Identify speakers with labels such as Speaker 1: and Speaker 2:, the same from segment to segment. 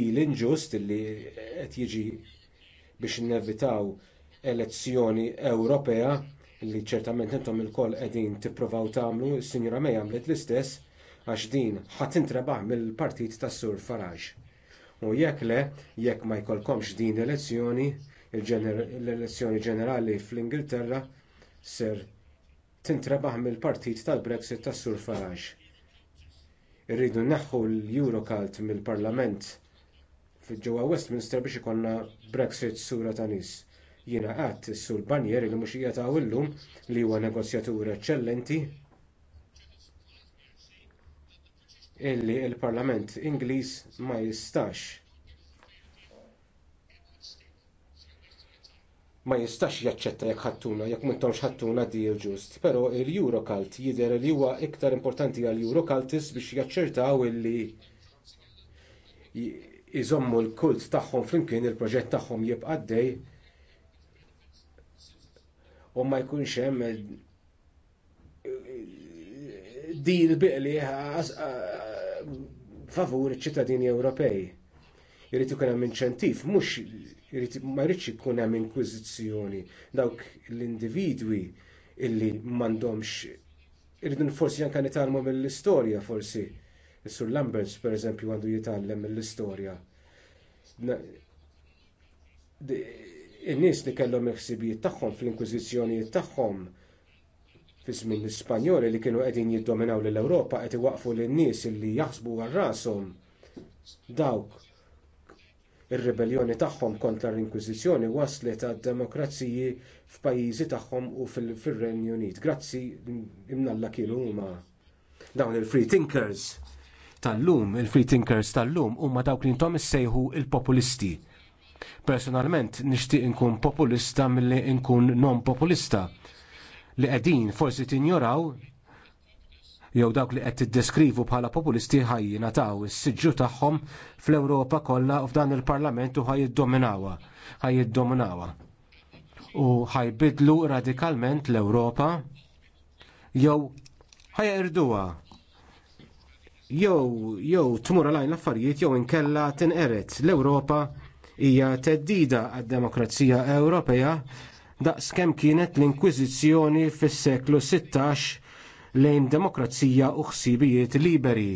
Speaker 1: l-inġust li qed jiġi biex innevitaw elezzjoni ewropea li ċertament intom ilkoll qegħdin tippruvaw tagħmlu is-sinjura may għamlet l-istess għax din ħadd intrebaħ mill-partit tas-sur Faraġ. u jekk le jekk ma jkollkomx din l-elezzjoni l-elezzjoni ġenerali fl-ingilterra ser tintrebaħ mill-partit tal-brexit tas-sur Faraġ. irridu nneħħu l-eurocult mill-parlament ġewwa Westminster biex ikollna Brexit sura ta' nies. Jiena qatt is-sur li mhux jagħtaw illum li huwa negozjatur eċċellenti illi l parlament Ingliż ma jistax ma jistax jaċċetta jekk ħattuna, jekk m'intomx ħattuna deal ġust. Però l eurocalt jidher li huwa iktar importanti għall eurocaltis biex jaċċertaw illi iżommu l-kult tagħhom flimkien il-proġett tagħhom jibqa' għaddej u ma jkunx hemm eh, din biqli eh, eh, favur iċ-ċittadini Ewropej. Jrid ikun hemm inċentiv, mhux ma jridx ikun hemm inkwiżizzjoni dawk l-individwi illi m'għandhomx irridu forsi anke nitalmu mill-istorja forsi. Is-Sur Lamberts pereżempju għandu jitgħallem mill-istorja. In-nies li kellhom il-ħsibijiet tagħhom fl-inkwiżizzjonijiet tagħhom fi żmien Spanjoli li kienu qegħdin jiddominaw lill ewropa qed iwaqfu lin-nies li jaħsbu għal rashom dawk ir-ribellioni tagħhom kontra l-Inkwiżizzjoni waslet għad-demokraziji f'pajjiżi tagħhom u fir-Renju Unit. Grazzi imnalla kienu huma dawn il-free thinkers tal-lum, il-free thinkers tal-lum, huma dawk li intom issejħu il-populisti. Personalment nixtieq inkun populista milli nkun non populista li qegħdin forsi tinjoraw jew dawk li qed tiddeskrivu bħala populisti ħajjina nataw is-siġġu tagħhom fl-Ewropa kollha u f'dan il-Parlament u ħaj ħajiddominawha. U ħajbidlu radikalment l-Ewropa jew ħajqirduha jew jew tmur għalajn l-affarijiet jew inkella tinqeret l-Ewropa hija teddida għad-demokrazija Ewropea daqskemm kienet l-Inkwiżizzjoni fis-seklu 16 lejn demokrazija u ħsibijiet liberi.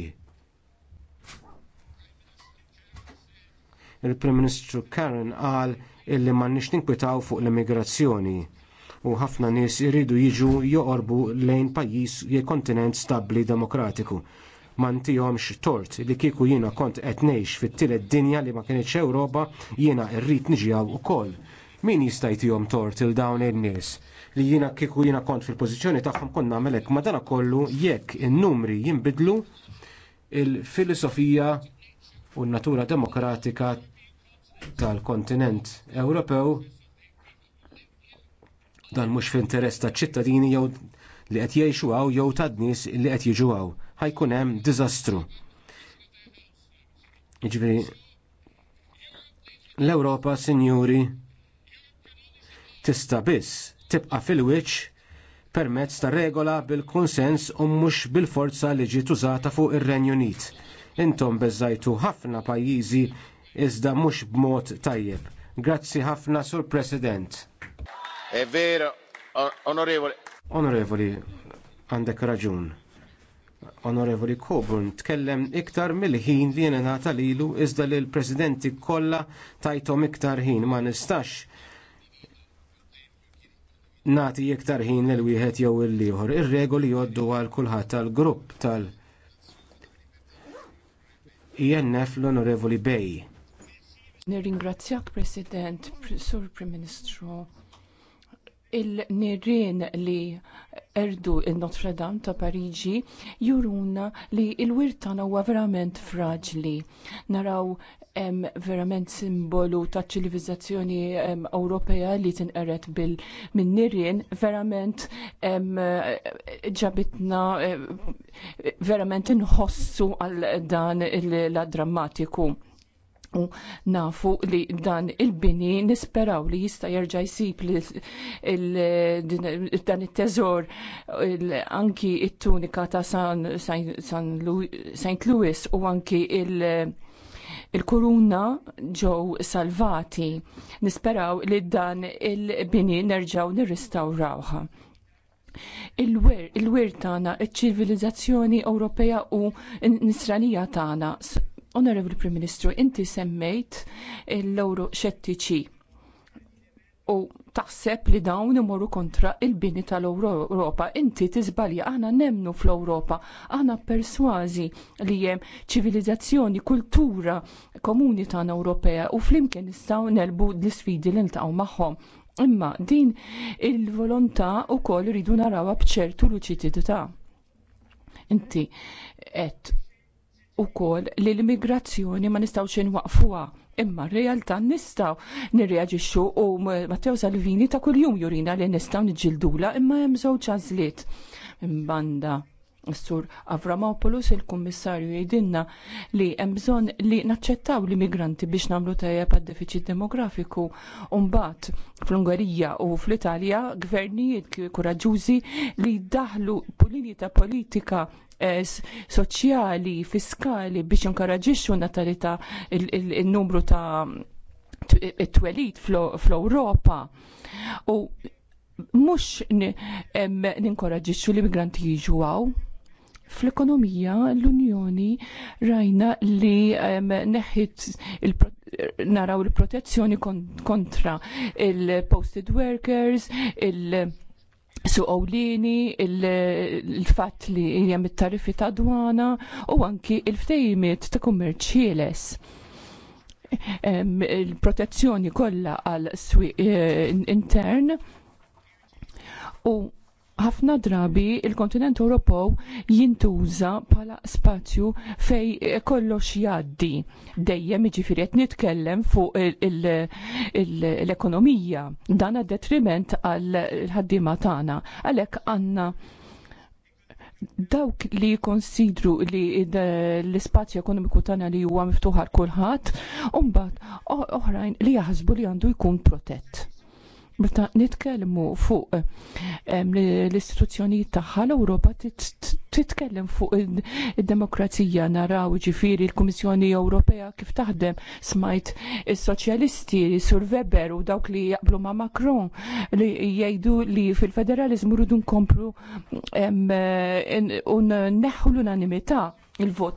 Speaker 1: Il-Prim Ministru Karen qal illi m'għandniex ninkwitaw fuq l-immigrazzjoni u ħafna nies iridu jiġu joqorbu lejn pajjiż jew kontinent stabbli demokratiku mantijomx tort li kieku jiena kont qed ngħix fit-tielet dinja li ma kinitx Ewropa jiena rrid niġijaw ukoll. Min jista' jtihom tort il dawn in-nies li jiena kieku jiena kont fil-pożizzjoni tagħhom kont nagħmel hekk madana kollu jekk in-numri jinbidlu il-filosofija u n-natura demokratika tal-kontinent Ewropew dan mhux fl-interess taċ-ċittadini jew li qed jgħixu hawn jew tad dnies li qed jiġu hawn ħajkun hemm diżastru. Jiġifieri l-Ewropa, sinjuri, tista' biss tibqa' fil-wiċċ permezz ta' regola bil-kunsens u mhux bil-forza li ġiet użata fuq ir-Renju Unit. Intom beżajtu ħafna pajjiżi iżda mhux b'mod tajjeb. Grazzi ħafna, Sur President. È vero, onorevoli. Onorevoli, għandek raġun. Onorevoli Coburn tkellem iktar mill-ħin li jena nata lilu iżda li l-presidenti kollha tajthom iktar ħin ma nistax nati iktar ħin l wieħed jew il-liħor. Ir-regoli joddu għal kulħadd tal-grupp tal-, -grupp tal INF l-Onorevoli Bej.
Speaker 2: Nirringrazzjak President, Sur Prim Ministru il-nirien li erdu il-Notre Dame ta' Pariġi juruna li il-wirtan huwa verament fraġli. Naraw em, verament simbolu ta' ċilivizzazzjoni Ewropea li tinqeret bil minn Nirrien verament em, ġabitna verament inħossu għal dan l-drammatiku. U nafu li dan il-bini nisperaw li jista jerġa' jsib dan it-teżor anki it-tunika ta' San, St. Louis u anki il- il-kuruna ġew salvati. Nisperaw li dan il-bini nerġaw nirrestawrawha il-wir il tagħna, iċ-ċivilizzazzjoni Ewropea u n-nisranija tagħna Honorable Prim Ministru, inti semmejt l loro xettiċi u taħseb li dawn imorru kontra il-bini tal-Europa. Inti tizbali aħna nemnu fl-Europa, aħna perswazi li hemm ċivilizzazzjoni, kultura komuni tagħna Ewropea u flimkien nistgħu nelbu l-isfidi li ntaqgħu magħhom. Imma din il-volontà ukoll iridu narawha bċertu luċidità. Inti et ukoll li l-immigrazzjoni ma nistgħux inwaqfuha. Imma r-realtà nistgħu nirreaġixxu u Matteo Salvini ta' kuljum jurina li nistgħu niġġildula imma hemm żewġ għażliet. Imbanda Sur Avramopoulos il-Kummissarju jgħidilna li hemm bżonn li naċċettaw l-immigranti biex nagħmlu tajjeb għad-defiċit demografiku u mbagħad fl-Ungerija u fl-Italja gvernijiet kuraġużi li daħlu linji ta' politika eh, soċjali, fiskali biex inkoraġixxu natalità il-numru ta' twelid twelit fl-Ewropa. U mux ninkoraġixxu l-immigranti jiġu għaw. Fl-ekonomija l-Unjoni rajna li neħħit il naraw il-protezzjoni kontra il-posted workers, il- su għawlini, il-fat li jem il tarifi ta' dwana u anki il-ftejmiet ta' kummerċ ħieles. Il-protezzjoni kollha għal swieq eh, intern u ħafna drabi il-kontinent Ewropew jintuża bħala spazju fej kollox jaddi. Dejjem jiġifieri qed nitkellem fuq l-ekonomija dan għad detriment għal ħaddiema tagħna. Għalhekk għandna dawk li konsidru li l-ispazju ekonomiku tagħna li huwa miftuħ għal kulħadd u mbagħad oħrajn li jaħsbu li għandu jkun protett Meta nitkellmu fuq l-istituzzjonijiet tagħha l-Ewropa titkellem fuq id-demokrazija naraw ġifieri l-Kummissjoni Ewropea kif taħdem smajt is-soċjalisti Sur Weber u dawk li jaqblu ma' Macron li jgħidu li fil-federalizmu rridu nkomplu u neħħu l-unanimità il-vot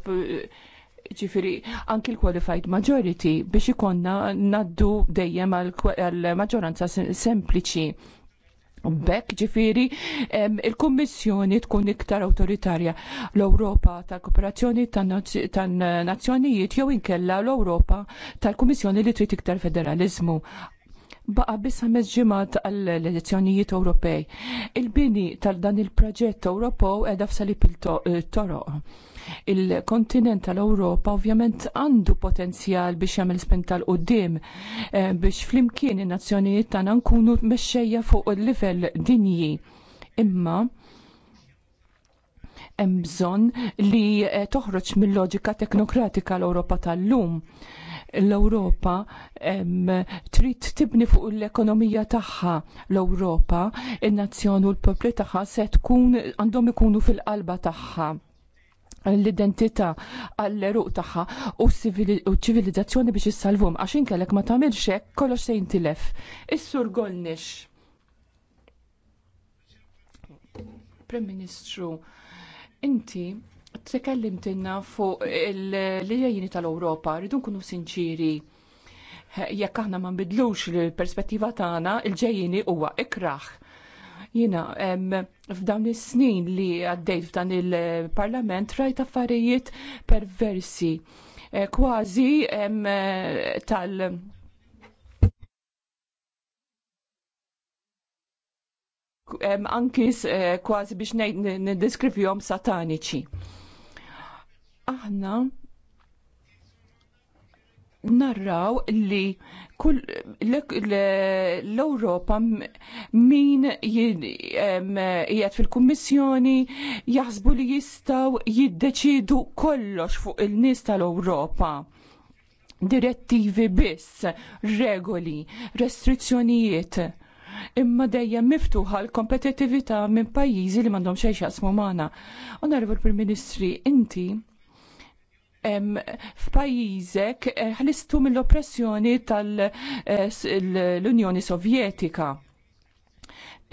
Speaker 2: ġifiri anki l-qualified majority biex ikonna naddu dejjem għal-maġoranza sempliċi. Bekk ġifiri il-Kommissjoni tkun iktar autoritarja l-Europa tal-Kooperazzjoni tan-Nazzjonijiet eh, jew inkella l-Europa tal-Kummissjoni li trid iktar federalizmu baqa biss ħames ġimgħat għall-elezzjonijiet Ewropej. Il-bini tal-dan il-proġett Ewropew qiegħda f'salib il-toroq. Il-kontinent tal-Ewropa ovvjament għandu potenzjal biex jagħmel spin tal-qudiem eh, biex flimkien in-nazzjonijiet tagħna nkunu mexxejja fuq il-livell dinji. Imma hemm bżonn li eh, toħroġ mill-loġika teknokratika l-Ewropa tal-lum l-Ewropa trid tibni fuq l-ekonomija tagħha l-Ewropa, in-nazzjon u l-popli tagħha se tkun għandhom ikunu fil-qalba tagħha l-identità għall-eruq tagħha u ċivilizzazzjoni biex issalvhom għax inkellek ma tagħmilx hekk kollox se jintilef. Is-sur Golnix. Prim Ministru, inti tkellimtinna fuq il-ġejjini tal-Ewropa, rridu nkunu sinċiri. Jekk aħna ma nbidlux l-perspettiva tagħna, il-ġejjini huwa ikraħ. Jina, f'dawn is-snin li għaddejt f'dan il-parlament rajt affarijiet perversi, kważi tal- ankis kważi biex nejdeskrivjom sataniċi aħna narraw li l-Europa min jgħat fil-Kummissjoni jaħsbu li jistaw jiddeċidu kollox fuq il-nies tal-Europa direttivi biss, regoli, restrizzjonijiet imma dejjem miftuħa l-kompetitività minn pajjiżi li m'għandhomx xejn jaqsmu magħna. Onorevol Prim Ministri, inti f'pajjiżek eh, ħlistu mill-oppressjoni tal-Unjoni eh, Sovjetika.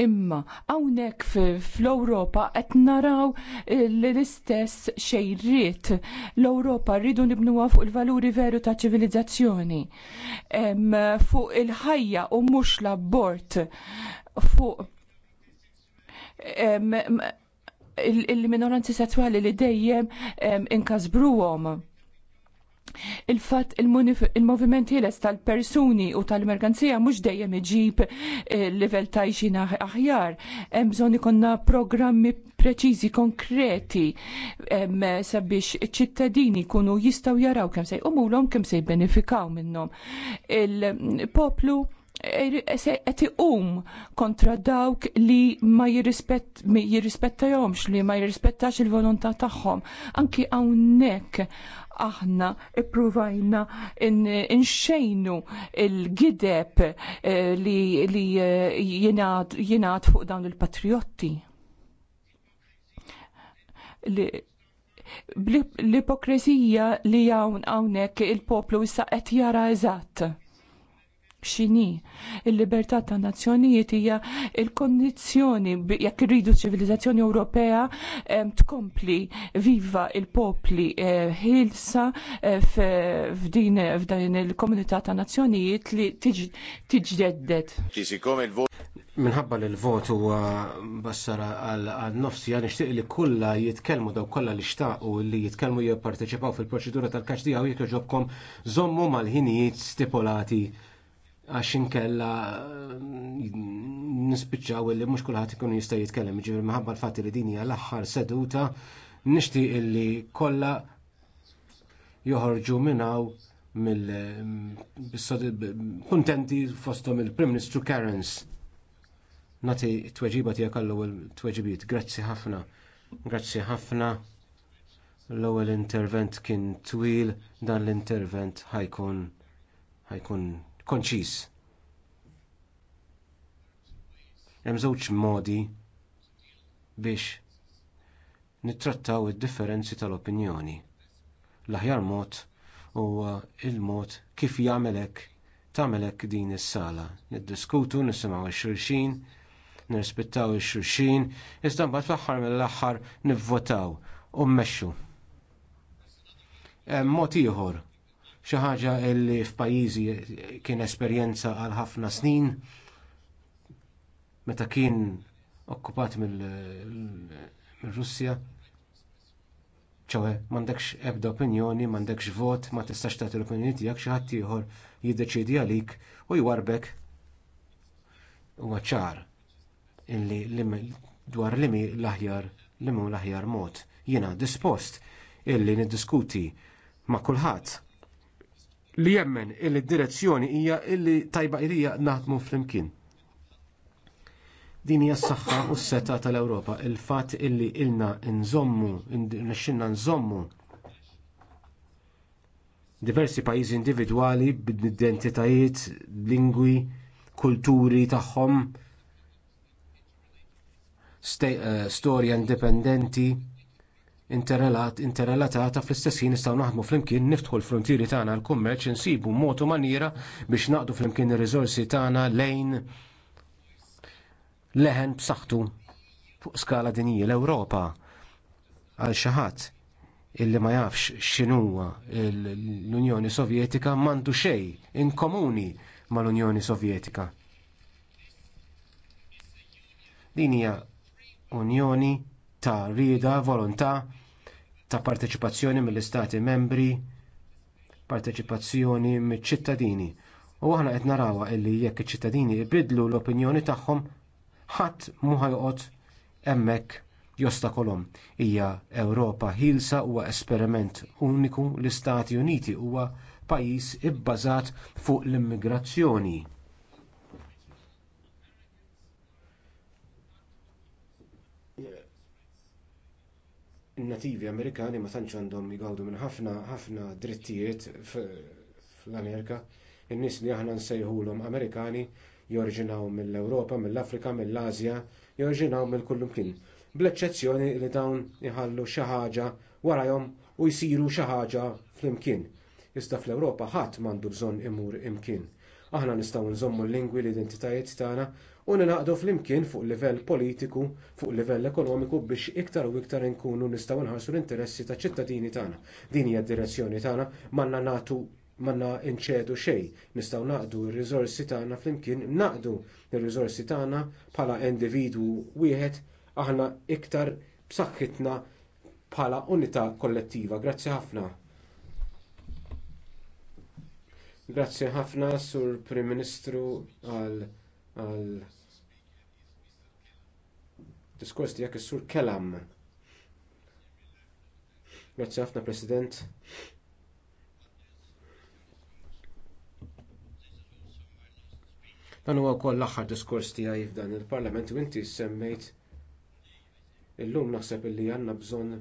Speaker 2: Imma hawnhekk fl-Ewropa qed naraw eh, l-istess xejriet. L-Ewropa rridu nibnuha fuq il-valuri veru ta' ċivilizzazzjoni, fuq il-ħajja u mhux l-abort, fuq il-minoranzi sesswali li dejjem inkasbruhom il-fat il-moviment ħieles tal-persuni u tal-merkanzija mhux dejjem iġib eh, level ta' iġina aħjar. Hemm bżonn ikonna programmi preċiżi, konkreti sabiex ċittadini kunu jistgħu jaraw kemm se jqumulhom kemm se benefikaw minnhom. Il-poplu qed um kontra dawk li ma jirrispetta jirrispettahomx li ma jirrispettax il-volontà tagħhom. Anki hawnhekk aħna ippruvajna inxejnu il-gideb eh, li, eh, jenaħt jingħad fuq dawn il-patriotti. l ipokrizija li hawn hawnhekk il-poplu issa qed jara eżatt x'inhi. Il-libertà ta' nazzjonijiet hija l-kondizzjoni jekk irridu ċivilizzazzjoni Ewropea tkompli viva il-popli eh, ħilsa eh, f'din f'din il-komunità ta' nazzjonijiet li
Speaker 1: tiġġedded. Minħabba li l-vot huwa bassara għal nofsi għan ixtieq li kulla jitkellmu daw kollha li xtaqu li jitkellmu jipparteċipaw fil-proċedura tal kaċdija u jekk joġobkom żommu mal-ħinijiet stipulati għax inkella nispiċċaw li mhux kulħadd ikun jista' jitkellem, ġifier minħabba l-fatt li din hija l-aħħar seduta nixtieq illi kollha joħorġu minnaw mill-kontenti fosthom il-Prim Ministru Karens. Nati t-tweġiba tiegħek għall-ewwel tweġibiet Grazzi ħafna. Grazzi ħafna. L-ewwel intervent kien twil, dan l-intervent ħajkun ħajkun konċis. Hemm żewġ modi biex nittrattaw id-differenzi tal-opinjoni. L-aħjar mod huwa il-mod kif jagħmelek tagħmelek din is-sala. Niddiskutu, nisimgħu x-xulxin, nirrispettaw ix-xulxin, iżda mbagħad fl-aħħar mill-aħħar nivvotaw u mmexxu. Mod ieħor xi ħaġa li f'pajjiżi kien esperjenza għal ħafna snin meta kien okkupat mill-Russja. ċewe, m'għandekx ebda opinjoni, m'għandekx vot, ma tistax tagħti l-opinjoni tiegħek xi ħadd ieħor jiddeċiedi għalik u jwarbek huwa ċar illi dwar limi l-aħjar limu l-aħjar mod. Jiena dispost illi niddiskuti ma' kulħadd li jemmen illi direzzjoni hija illi tajba irija naħdmu flimkien. Din hija s-saħħa u s-seta tal-Ewropa, il-fatt illi ilna nżommu, nxinna nżommu diversi pajjiżi individwali b-identitajiet, lingwi, kulturi tagħhom, eh, storja indipendenti Interrelat, interrelatata fl-istess ħin nistgħu naħdmu flimkien niftħu l-frontieri tagħna għall-kummerċ insibu mod u maniera biex naqdu flimkien ir-riżorsi tagħna lejn leħen b'saħħtu fuq skala dinji l-Ewropa għal xi ħadd illi ma jafx x'inhuwa l-Unjoni Sovjetika m'għandu xejn in komuni mal-Unjoni Sovjetika. Din hija Unjoni ta' rieda, volontà ta' parteċipazzjoni mill-istati membri, parteċipazzjoni mill-ċittadini. U aħna qed narawha illi jekk iċ-ċittadini jbiddlu l-opinjoni tagħhom ħadd mu ħajqod hemmhekk jostakolhom. Hija Ewropa ħilsa huwa esperiment uniku l-Istati Uniti huwa pajjiż ibbażat fuq l-immigrazzjoni. in-nativi Amerikani ma tantx għandhom jgawdu minn ħafna ħafna drittijiet fl-Amerika. In-nies li aħna nsejħulhom Amerikani jorġinaw mill-Ewropa, mill-Afrika, mill-Asja, jorġinaw mill-kullum kien. Bl-eċċezzjoni li dawn iħallu xi ħaġa warahom u jsiru xi ħaġa flimkien. Iżda fl-Ewropa ħadd m'għandu bżonn imur imkien. Aħna nistgħu nżommu l-lingwi l-identitajiet tagħna u ninaqdu flimkien fuq livell politiku, fuq livell ekonomiku biex iktar u iktar inkunu nistgħu nħarsu l-interessi taċ ċittadini tagħna. Din hija d-direzzjoni tagħna m'għandna nagħtu manna inċedu xejn, nistgħu naqdu r-riżorsi tagħna flimkien naqdu r-riżorsi tagħna bħala individwu wieħed aħna iktar b'saħħitna bħala unità kollettiva. Grazzi ħafna. Grazzi ħafna sur Prim Ministru għal għal diskors tiegħek is-sur Kelam. Grazzi ħafna President. Dan huwa wkoll l-aħħar diskors tiegħi f'dan il-Parlament u inti semmejt illum naħseb illi għandna bżonn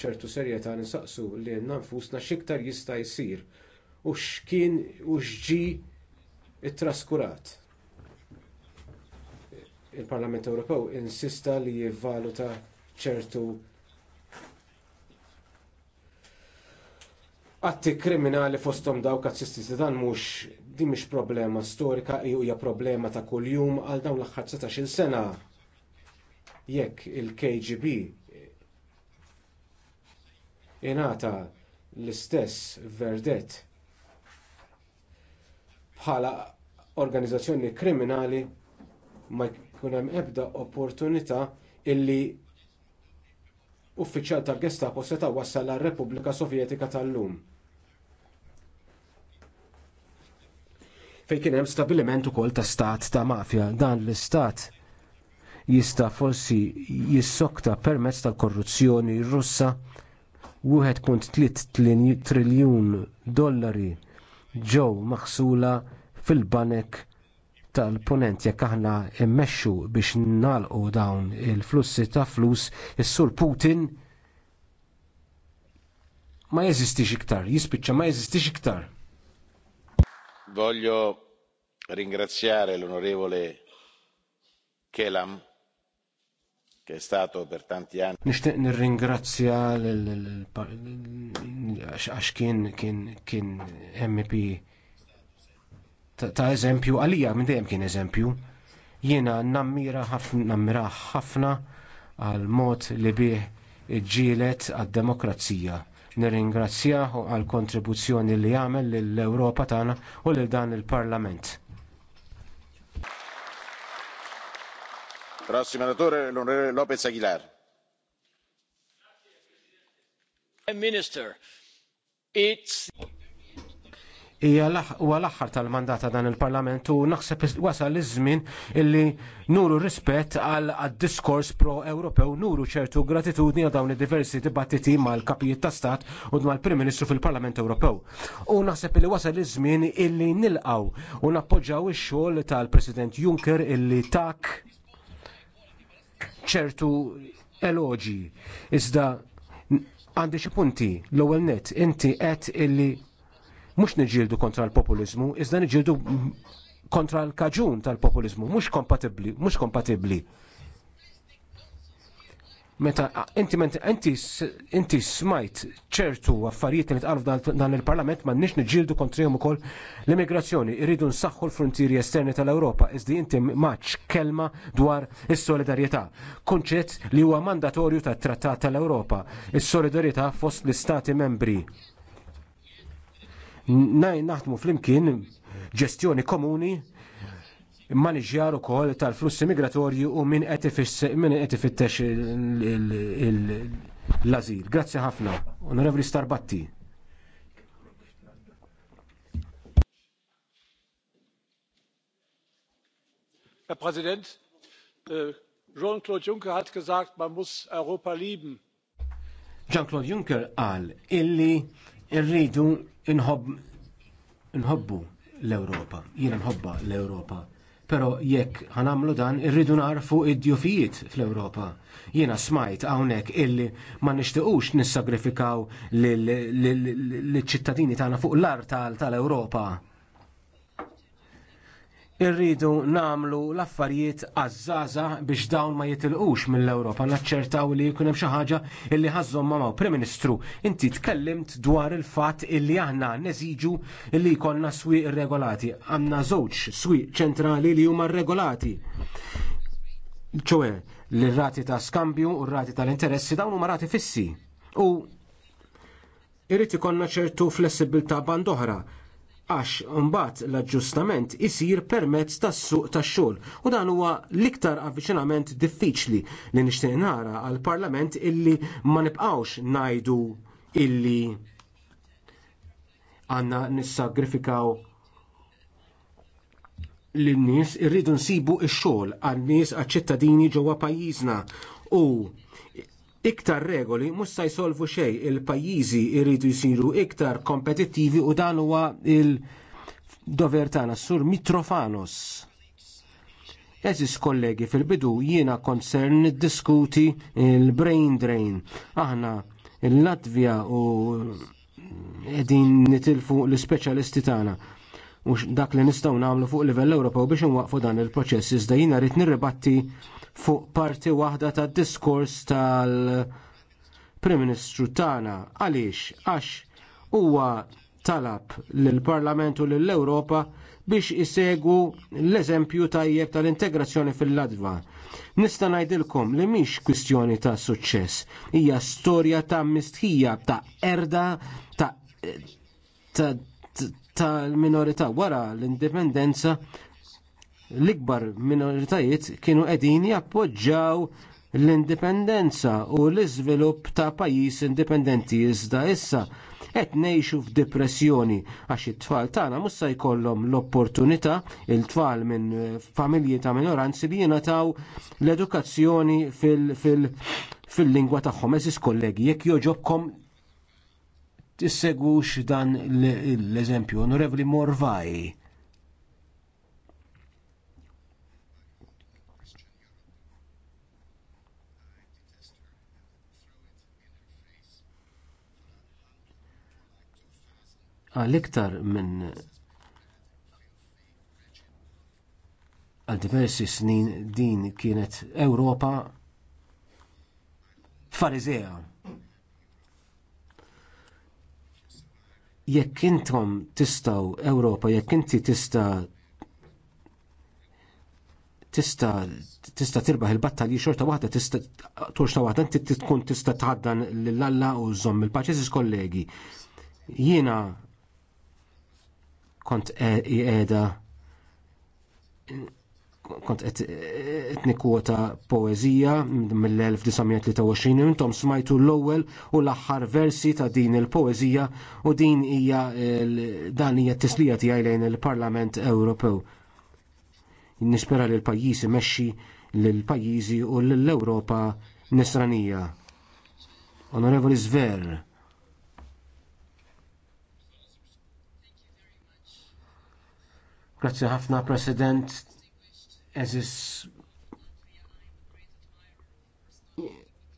Speaker 1: ċertu serjetà nisaqsu li nfusna x'iktar jista' jsir u x'kien u x'ġi ttraskurat. Il-Parlament Ewropew insista li jivvaluta ċertu atti kriminali fosthom dawk assististi dan mhux di mhix problema storika hija problema ta' kuljum għal dawn l-aħħar il sena jekk il-KGB ingħata l-istess verdett bħala organizzazzjoni kriminali ma jkun hemm ebda opportunità illi uffiċjal tal-Gestapo seta' wassal għar repubblika Sovjetika tal-lum. Fejn kien hemm stabiliment ukoll ta' stat ta' mafja, dan l-istat jista' forsi jissokta permezz tal-korruzzjoni russa 1.3 triljun dollari ġew maħsula fil-banek tal-punent jekk aħna immexxu biex nagħlqu dawn il-flussi ta' flus is-sur Putin ma jeżistix iktar, jispiċċa ma jeżistix iktar. Voglio ringraziare l'onorevole Kelam che è stato per tanti anni. Nishtiq nirringrazzja għax kien kien MP ta' eżempju għalija minn dejjem kien eżempju. Jiena nammira ħafna nammira ħafna għal mod li bih ġielet għad-demokrazija. Nirringrazzjah għal kontribuzzjoni li għamel lill-Ewropa tagħna u lil dan il-Parlament. hija huwa l-aħħar tal-mandata dan il-Parlament u naħseb wasal iż-żmien illi nuru rispett għal diskors pro-Ewropew nuru ċertu gratitudni għal dawn id-diversi dibattiti mal-kapijiet ta' stat u mal-Prim Ministru fil-Parlament Ewropew. U naħseb illi wasal iż-żmien illi nilqaw u nappoġġaw ix-xogħol tal-President Juncker illi tak ċertu eloġi. Iżda għandi xi punti l-ewwel net inti qed illi mhux niġildu kontra l-populiżmu, iżda niġildu kontra l-kaġun tal-populiżmu, mhux kompatibbli, mhux kompatibbli. Meta inti inti smajt ċertu affarijiet li tqalu dan il-Parlament m'għandniex niġġieldu kontrihom ukoll l-immigrazzjoni, irridu nsaħħu l-frontieri esterni tal-Ewropa, iżdi inti maċ kelma dwar is-solidarjetà, kunċett li huwa mandatorju tat-Trattat tal-Ewropa, is-solidarjetà fost l-istati membri naj naħdmu flimkien ġestjoni komuni u ukoll tal-flussi migratorju u min qed ifittex l-azil. Grazzi ħafna, Onorevoli Starbatti.
Speaker 3: Herr Präsident, äh, Jean-Claude Juncker hat gesagt, man muss Europa lieben.
Speaker 1: Jean-Claude Juncker qal illi rridu inħobbu nħobbu l-Ewropa, jiena nħobba l europa Pero jekk ħanamlu dan irridu narfu id-djufijiet fl-Ewropa. Jiena smajt hawnhekk illi ma nishtiqux nissagrifikaw l ċittadini tagħna fuq l-art tal-Ewropa irridu namlu l-affarijiet għazzaza biex dawn ma jitilqux mill-Ewropa. Naċċertaw li jkun hemm xi ħaġa illi ħażhom ma' Prim Ministru, inti tkellimt dwar il-fatt illi aħna neżiġu illi jkollna swieq regolati. Għandna żewġ swieq ċentrali li huma regolati. Ċoe, l-rati ta' skambju u r-rati tal-interessi dawn huma rati fissi. U irrid ikollna ċertu flessibilta band oħra għax mbagħad l-aġġustament isir permezz tas-suq tax-xogħol u dan huwa l-iktar avviċinament diffiċli li nixtieq nara għall parlament illi ma nibqgħux ngħidu illi għandna nissagrifikaw lin nies irridu nsibu x-xogħol għan-nies għaċ-ċittadini ġewwa pajjiżna u Iktar regoli mhux se jsolvu xejn il-pajjiżi jridu jsiru iktar kompetittivi u dan huwa il-dover tagħna sur Mitrofanos. Eżis kollegi fil-bidu jiena koncern diskuti il-brain drain. Aħna il-Latvja u edin nitilfu l specialisti tagħna u dak li nistgħu nagħmlu fuq livell Ewropew biex nwaqfu dan il-proċess iżda jiena rrid nirribatti fuq parti waħda tad diskors tal-Prim Ministru tagħna. Għaliex? Għax huwa talab lill parlament u lill ewropa biex isegwu l-eżempju tajjeb tal-integrazzjoni fil-ladva. Nista' ngħidilkom li mhix kwistjoni ta' suċċess, hija storja ta' mistħija ta' erda ta' tal-minorità wara l-indipendenza l-ikbar minoritajiet kienu qegħdin jappoġġjaw l-indipendenza u l-iżvilupp ta' pajjiż indipendenti iżda issa qed ngħixu f'depressjoni għax it-tfal tagħna mhux se jkollhom l-opportunità il-tfal minn familji ta' minoranzi li jingħataw l-edukazzjoni fil-lingwa tagħhom. Eżis kollegi, jekk joġobkom tissegwux dan l-eżempju, Onorevoli Morvaj. għal iktar minn għal diversi snin din kienet Ewropa farizea. Jekk intom tistaw Ewropa, jekk inti tista tista tista tirbaħ il-battalji xorta waħda tista torxta waħda inti tkun tista tħaddan l-alla u żomm il-paċeżis kollegi. Jiena kont e, qiegħda kont qed nikkwota poeżija mill-1923 intom smajtu l-ewwel u l-aħħar versi ta' din il-poeżija u din hija dan hija t-tislija tiegħi lejn il-Parlament Ewropew. Nispera li l pajjiżi imexxi lill-pajjiżi u lill-Ewropa nisranija. Onorevoli Zver, Grazzi ħafna, President. Eżis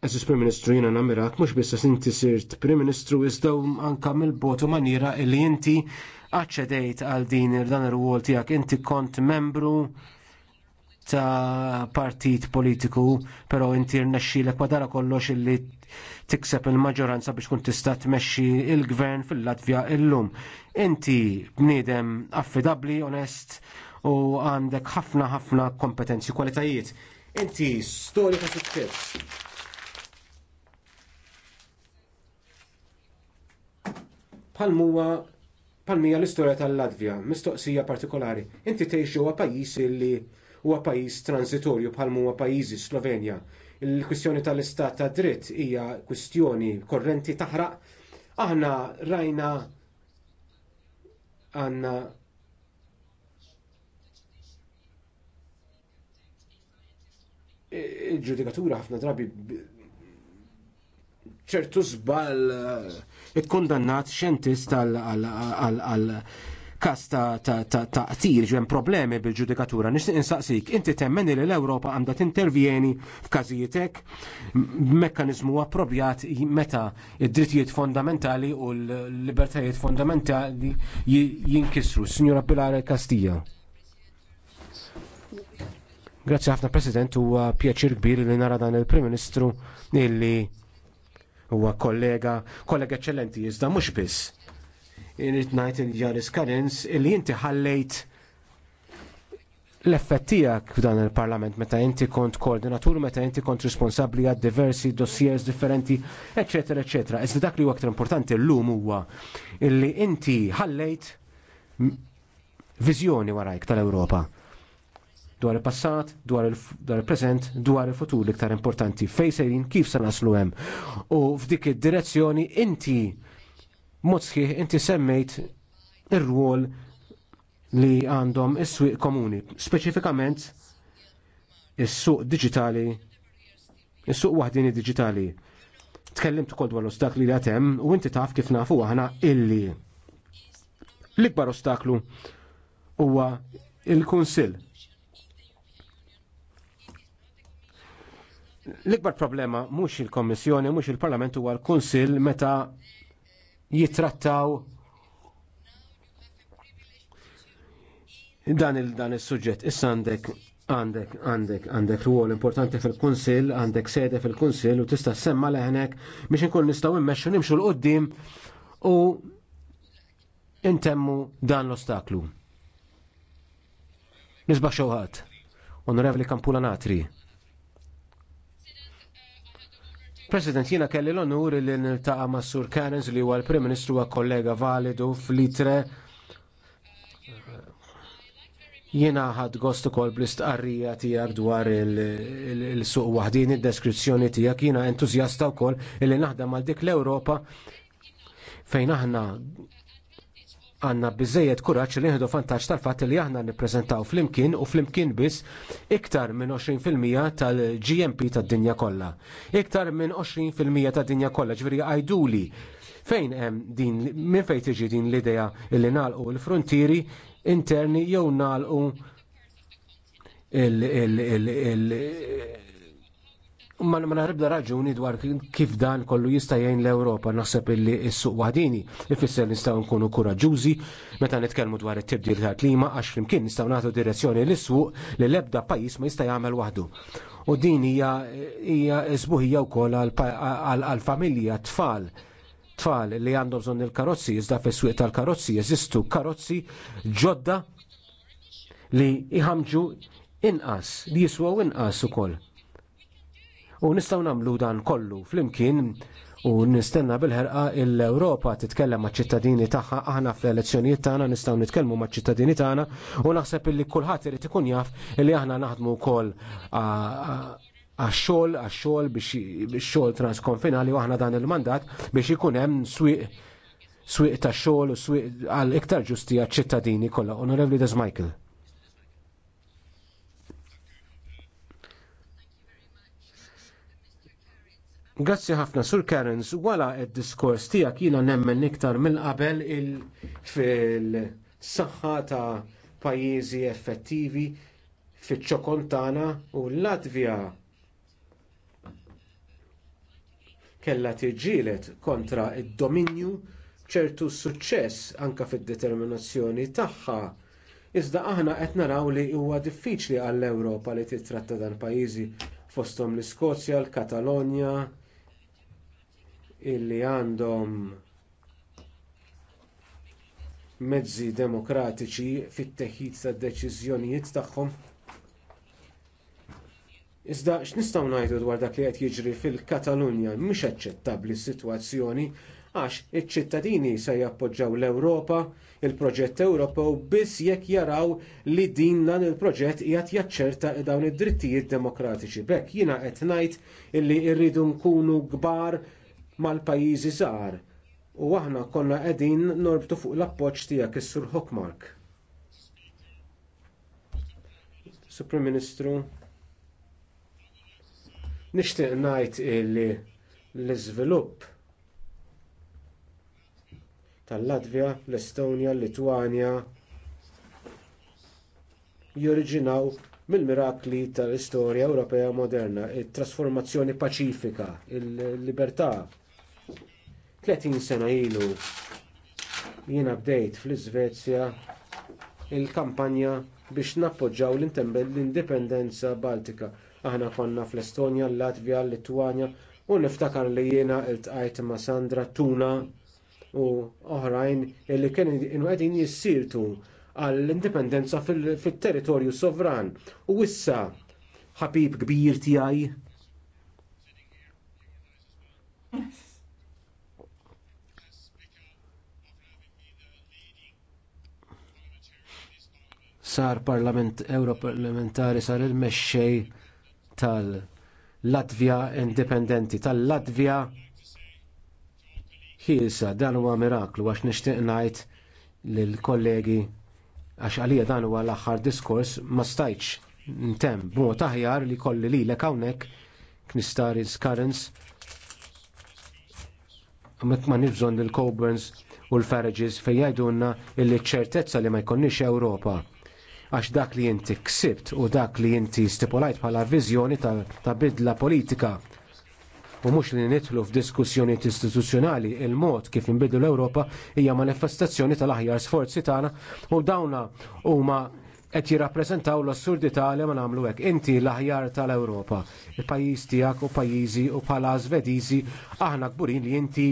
Speaker 1: Eżis Prim Ministru jina namirak, mux bissa sinti sirt Prim Ministru izdaw anka mill-botu manira illi inti għacċedejt għal din dan ir-ruol tijak, inti kont membru ta' partit politiku, però inti rnexxilek madara kollox illi tikseb il-maġġoranza biex kun tista' tmexxi l gvern fil-Latvja illum. Inti bniedem affidabbli, onest u għandek ħafna ħafna kompetenzi kwalitajiet. Inti storja ta' suċċess. Palmuwa palmija l-istorja tal-Latvja, mistoqsija partikolari. Inti tgħix ġewwa pajjiż li huwa pajjiż transitorju bħal huwa pajjiżi Slovenja. Il-kwistjoni tal-istat ta' dritt hija kwistjoni korrenti taħraq. Aħna rajna għandna il-ġudikatura ħafna drabi ċertu żball eh, ikkundannat xjentist għal kas ta' taqtil ġem problemi bil-ġudikatura. Nixtieq insaqsik, inti temmeni li l-Ewropa għandha tintervjeni f'każijietek b'mekkaniżmu appropjat meta id-drittijiet fondamentali u l-libertajiet fondamentali jinkisru. Signora Pilar Castilla. Grazzi ħafna President huwa pjaċir kbir li nara dan il-Prim Ministru illi huwa kollega, kollega eċċellenti iżda mhux biss irrit ngħid il-Jaris Karens illi inti ħallejt l-effett tiegħek f'dan il-Parlament meta inti kont koordinatur, meta inti kont responsabbli għad diversi dossiers differenti, eċetera, eċetera. Iżda dak li huwa aktar importanti llum huwa illi inti ħallejt viżjoni warajk tal-Ewropa dwar il-passat, dwar il-present, dwar il-futur li ktar importanti. Fej sejrin kif se naslu hemm. U f'dik id-direzzjoni inti Mod sħiħ inti semmejt ir-rwol li għandhom is-swieq komuni, speċifikament is-suq digitali, is-suq waħdini digitali. Tkellimt ukoll dwar l-ostakli li għatem u inti taf kif nafu aħna illi. L-ikbar ostaklu huwa il-Kunsill. L-ikbar problema mhux il-Kommissjoni, mhux il-Parlament huwa l-Kunsill meta jittrattaw dan il-dan il-sujġet. Issa għandek għandek għandek għandek ruol importanti fil-kunsil, għandek sede fil-kunsil u tista' semma leħnek biex nkun nistgħu immexxu nimxu l-qoddim u intemmu dan l-ostaklu. Nisbaħ xewħat. Onorevli Kampula Natri. President, jiena kelli l-onur li niltaqa' ma' Sur Karens li huwa l-Prim Ministru huwa kollega validu fl-Itre. Jiena ħadd gost ukoll bl-istqarrija tiegħek dwar il-suq wahdin id-deskrizzjoni tiegħek jiena entużjasta wkoll li naħdem għal dik l-Ewropa fejn aħna għanna bizzejiet kuraċ li nħedu vantaġġ tal-fatt li aħna nippreżentaw flimkien u flimkien biss iktar minn 20% tal-GMP tad-dinja kollha. Iktar minn 20% tad-dinja kollha, ġveri għajduli fejn hemm din minn fejn tiġi din l-idea li nagħlqu l-frontieri interni jew nagħlqu Ma nħaribda raġuni dwar kif dan kollu jista' jgħin l-Ewropa naħseb illi s-suq waħdini ifisser nistgħu nkunu kuraġużi meta nitkellmu dwar it-tibdil tal klima għax flimkien nistgħu nagħtu direzzjoni l suq li l-ebda pajjiż ma jista' jagħmel waħdu. U din hija hija sbuħija wkoll għall-familja tfal tfal li għandhom bżonn il-karozzi iżda fis-swieq tal-karozzi jeżistu karozzi ġodda li jħamġu inqas li jiswaw inqas ukoll U nistgħu nagħmlu dan kollu flimkien u nistenna bil-ħerqa l-Ewropa titkellem maċ ċittadini tagħha aħna fl-elezzjonijiet tagħna nistgħu nitkellmu maċ ċittadini tagħna u naħseb illi kulħadd irid ikun jaf li aħna naħdmu wkoll għax-xogħol għax-xogħol biex xogħol transkonfinali u aħna dan il-mandat biex ikun hemm swieq swieq tax xogħol u swieq għal iktar ġusti għaċ-ċittadini kollha. Onorevli Des Michael. Grazzi ħafna Sur Karens, wala id-diskors tiegħek jina nemmen iktar mill qabel fil-saħħa ta' pajjiżi effettivi fit ċokontana u l latvija Kella tiġġieled kontra id dominju ċertu suċċess anke fid-determinazzjoni tagħha. Iżda aħna qed naraw li huwa diffiċli għall-Ewropa li titratta dan pajjiżi fosthom l-Iskozja, l-Katalonja, illi għandhom mezzi demokratiċi fit-teħid tad-deċiżjonijiet tagħhom. Iżda x'nistgħu ngħidu dwar dak li qed jiġri fil-Katalunja mhix aċċettabbli s-sitwazzjoni għax iċ-ċittadini se jappoġġjaw l-Ewropa, il-proġett Ewropew biss jekk jaraw li din dan il-proġett qiegħed jaċċerta dawn id-drittijiet demokratiċi. B'hekk jiena qed ngħid illi rridu nkunu kbar mal-pajjiżi żgħar u aħna konna qegħdin norbtu fuq l-appoġġ tiegħek is-Sur Hockmark. Supreme Ministru, nixtieq ngħid li l-iżvilupp tal-Latvja, l-Estonja, l-Litwanja joriġinaw mill-mirakli tal-istorja Ewropea moderna, it-trasformazzjoni paċifika, il-libertà, 30 sena ilu jiena bdejt fl-Iżvezja il-kampanja biex nappoġġaw l-indipendenza Baltika. Aħna konna fl-Estonja, l-Latvja, l-Litwanja u niftakar li jiena l-tqajt ma' Sandra Tuna u oħrajn illi kienu qegħdin jissirtu għall-indipendenza fit territorju sovran. U issa ħabib kbir tiegħi sar parlament europarlamentari sar il-mexxej tal-Latvja indipendenti tal-Latvja ħilsa dan huwa miraklu għax nixtieq ngħid lill kollegi għax għalija dan huwa l-aħħar diskors ma stajtx ntemm b'mod aħjar li kolli lilek hawnhekk knistaris currents mek ma nibżon il-Coburns u l-Farages fejn jgħidulna li ċ ċertezza li ma jkollniex Ewropa għax dak li inti ksibt u dak li inti stipulajt bħala viżjoni ta' bidla politika u mhux li nitlu f'diskussjonijiet istituzzjonali il-mod kif nbidlu l-Ewropa hija manifestazzjoni tal-aħjar sforzi tagħna u dawna huma qed jirrappreżentaw l-assurdità li ma nagħmlu hekk. Inti l-aħjar tal-Ewropa, il-pajjiż tiegħek u pajjiżi u bħala Svediżi aħna kburin li inti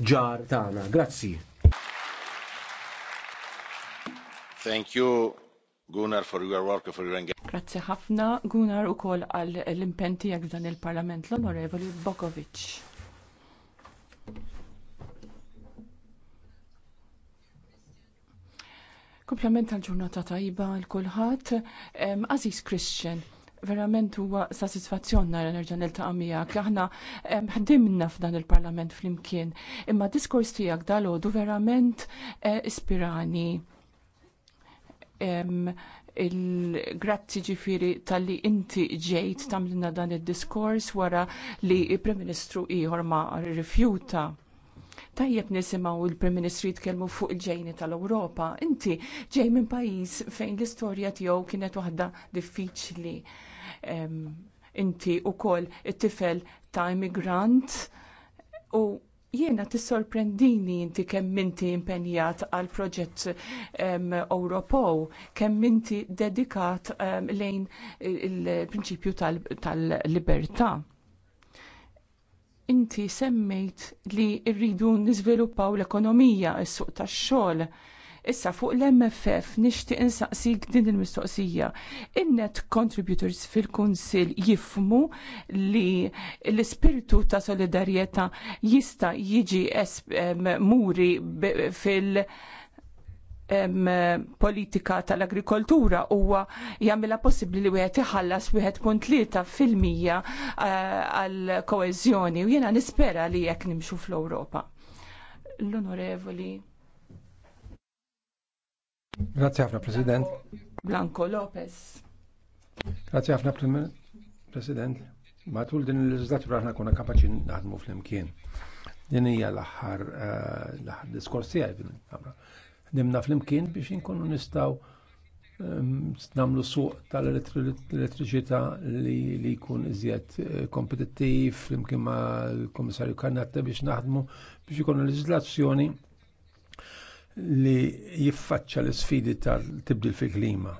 Speaker 1: ġar tagħna. Grazzi. Thank you,
Speaker 3: Gunnar for your work for your engagement.
Speaker 2: Grazzi ħafna Gunnar ukoll għal l-impenti jak dan il-Parlament l-Onorevoli Bokovic. Komplement għal-ġurnata tajba għal kulħat Aziz Christian, verament huwa satisfazzjon nara nerġa' il miegħek. Aħna ħdimna f'dan il-Parlament flimkien, imma diskors tiegħek dalodu verament eh, ispirani il-grazzi ġifiri tal-li inti ġejt tamlina dan il-diskors wara li il-Prim Ministru iħor ma rifjuta. Tajjeb nisimaw il-Prim Ministru jitkellmu fuq il-ġejni tal-Ewropa. Inti ġej minn pajis fejn l-istorja tiegħu kienet waħda diffiċli. Inti u koll it-tifel ta' immigrant u Jiena tissorprendini inti kemm inti impenjat għal proġett Ewropew, kemm inti dedikat um, lejn il-prinċipju tal-libertà. Tal inti semmejt li rridu nizviluppaw l-ekonomija, is-suq tax-xogħol, Issa fuq l-MFF nixtieq insaqsik din il-mistoqsija. In-net contributors fil-Kunsill jifmu li l-ispirtu ta' solidarjetà jista' jiġi muri fil- politika tal-agrikoltura huwa jagħmilha possibbli li wieħed iħallas wieħed punt tlieta fil-mija eh, għal koeżjoni u jiena nispera li jekk nimxu fl-Ewropa. L-Onorevoli
Speaker 3: Grazie ħafna, President.
Speaker 2: Blanco Lopez.
Speaker 3: Grazie ħafna, President. Matul din il-leġislatura ħna kuna kapaċi naħdmu fl-imkien. Din hija l-aħħar eh, diskors tiegħi din kamra. Nimna fl-imkien biex inkunu nistgħu ehm, namlu suq tal-elettriċità li li jkun iżjed eh, kompetittiv flimkien ma' l-Komissarju Kannatta biex naħdmu biex ikunu leġislazzjoni li jiffaċċa l-sfidi tal-tibdil fil-klima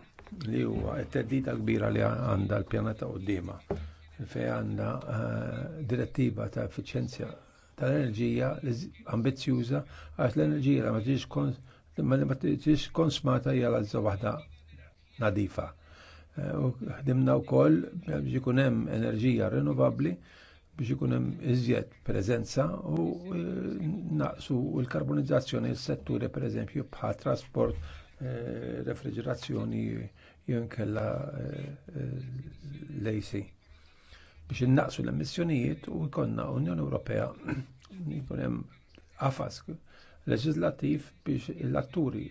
Speaker 3: li huwa t-teddida kbira li għandha l-pjaneta qudiema fej għandha eh, direttiva ta' effiċjenzja tal-enerġija ambizzjuża għax l-enerġija ma tiġix konsmata hija l waħda nadifa. Eh, ħdimna wkoll biex ikun hemm enerġija rinnovabbli biex ikun hemm iżjed preżenza u eh, naqsu l-karbonizzazzjoni s-setturi pereżempju bħal trasport, eh, refrigerazzjoni jew kella eh, lejsi. Biex innaqsu l-emissjonijiet u jkollna Unjoni Ewropea jkun hemm afask leġislattiv biex l-atturi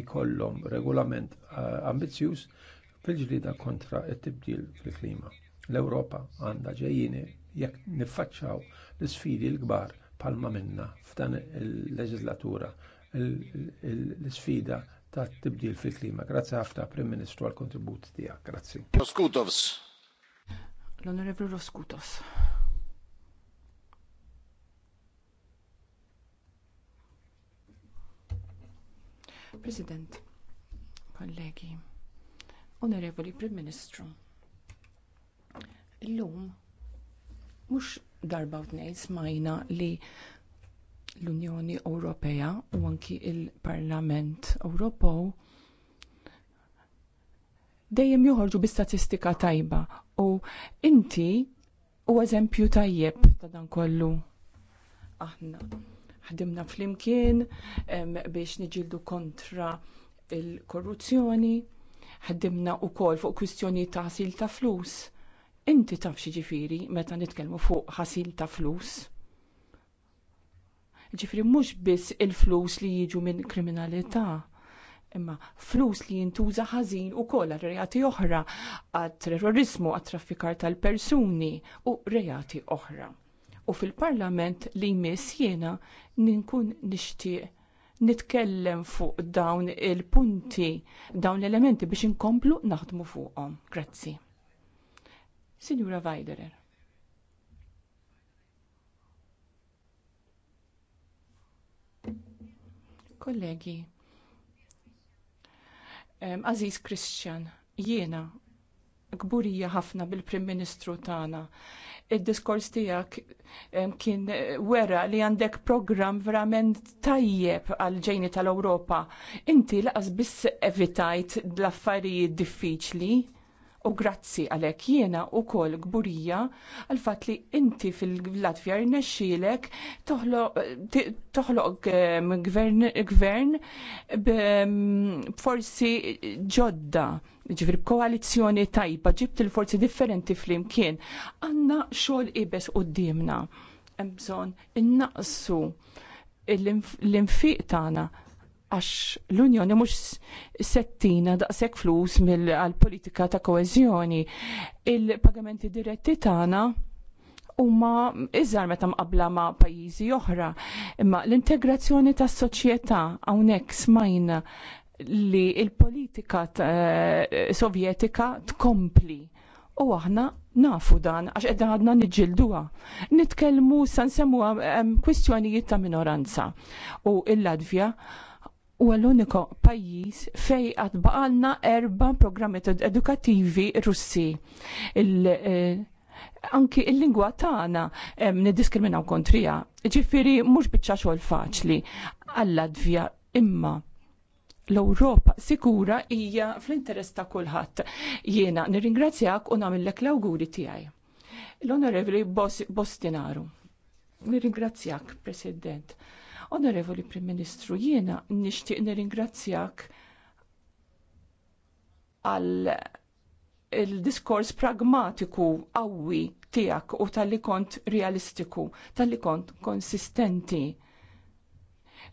Speaker 3: jkollhom regolament ambizzjuż fil-ġlida kontra t-tibdil fil-klima. L-Ewropa għandha ġejjini jekk niffaċċaw l-sfidi l-kbar palma minna f'dan il-leġislatura l-sfida ta' tibdil fil-klima. Grazzi ħafna Prim Ministru għal kontribut tiegħek. Grazzi. Roskutovs.
Speaker 2: L-Onorevlu Roskutovs. President, kollegi, Onorevoli Prim Ministru, Illum mhux darba u smajna li l-Unjoni Ewropea u anki l parlament Ewropew dejjem joħorġu bi statistika tajba u inti u eżempju tajjeb ta' dan kollu. Aħna ħdimna flimkien biex niġildu kontra il-korruzzjoni, ħdimna u kol fuq kwistjoni ta' sil ta' flus Inti taf xieġifiri meta nitkellmu fuq ħasil ta' flus. Ġifiri mhux biss il-flus li jiġu minn kriminalità, imma flus li jintuża ħażin ukoll għal reati oħra, għal terrorizmu, għat traffikar tal-persuni u reati oħra. U fil-parlament li jmiss jiena ninkun nixtieq nitkellem fuq dawn il-punti, dawn l-elementi biex inkomplu naħdmu fuqhom. Grazzi. Signora Weiderer. Kollegi, um, Aziz Christian, jiena gburija ħafna bil-Prim Ministru tagħna. Id-diskors tiegħek kien eh, wera li għandek programm verament tajjeb għal ġejni tal-Ewropa. Inti laqas biss evitajt l-affarijiet diffiċli U grazzi għalek jiena u kol gburija għal fat li inti fil-Latvja rnexxilek toħloq ehm, gvern ehm, forsi ġodda, ġifir koalizjoni tajba, ġibt il-forzi differenti fl-imkien. Għanna xogħol ibes u d-dimna. Mbżon, innaqsu l-infiq tagħna għax l-Unjoni mhux settina daqshekk flus mill-politika ta' koezjoni. Il-pagamenti diretti tagħna huma iżgħar meta mqabbla ma' pajjiżi oħra. Imma l-integrazzjoni tas-soċjetà hawnhekk smajna li l-politika eh, sovjetika tkompli. U aħna nafu dan, għax edna għadna nġilduwa. Nitkelmu san semmu kwistjonijiet ta' minoranza. U il-Latvja u l-uniku pajjiż fej għad baqalna erba programmi edukattivi russi. Il, eh, anki il-lingwa tagħna eh, niddiskriminaw kontrija. Ġifieri mhux biċċa xogħol faċli għal ladvja imma l-Ewropa sikura hija fl-interess ta' kulħadd. Jiena nirringrazzjak u nagħmellek l-awguri tiegħi. L-Onorevoli Bostinaru. Nirringrazzjak, President. Onorevoli Prim Ministru, jiena nixtieq nirringrazzjak għal il-diskors pragmatiku qawwi tiegħek u tal-li kont realistiku, tal-li kont konsistenti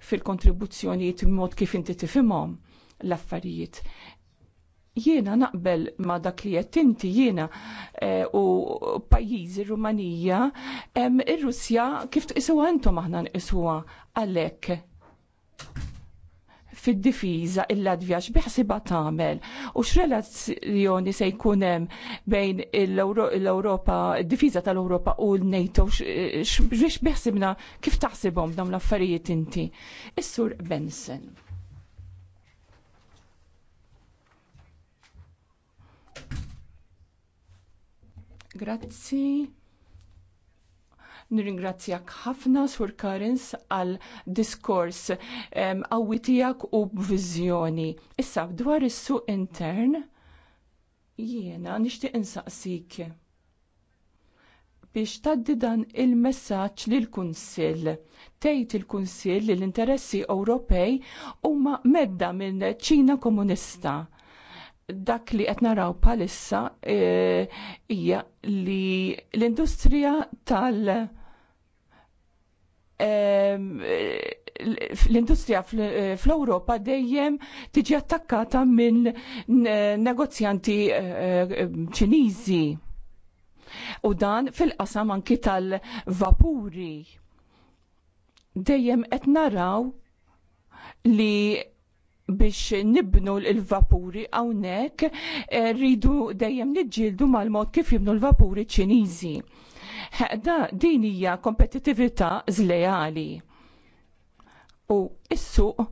Speaker 2: fil-kontribuzzjonijiet mod kif inti tifhimhom l-affarijiet jiena naqbel ma dak li qed inti jiena e, u pajjiżi Rumanija ir-Russja kif tqisuha intom aħna nqisuha għalhekk fid-difiża il-Latvja x'biħsibha tagħmel u x'relazzjoni se jkun hemm bejn l-Ewropa, id-difiża tal-Ewropa u l-NATO x'biħsibna kif taħsibhom dawn l-affarijiet inti. Is-Sur Benson. Grazzi. Nirringrazzjak ħafna sur Karens għal diskors qawwi tiegħek u b'viżjoni. Issa dwar is-suq intern jiena nixtieq insaqsik biex taddi dan il-messaġġ lil kunsill Tgħid il-Kunsill li l-interessi Ewropej huma medda minn Ċina Komunista dak li qed naraw bħalissa e, hija e, li l-industrija tal e, l-industrija e, fl-Ewropa dejjem tiġi attakkata minn negozjanti e, ċiniżi. U dan fil-qasam anki tal-vapuri. Dejjem qed naraw li biex nibnu l-vapuri hawnhekk eh, rridu dejjem niġġieldu mal-mod kif jibnu l-vapuri ċiniżi. Da din hija kompetittività żlejali. U is-suq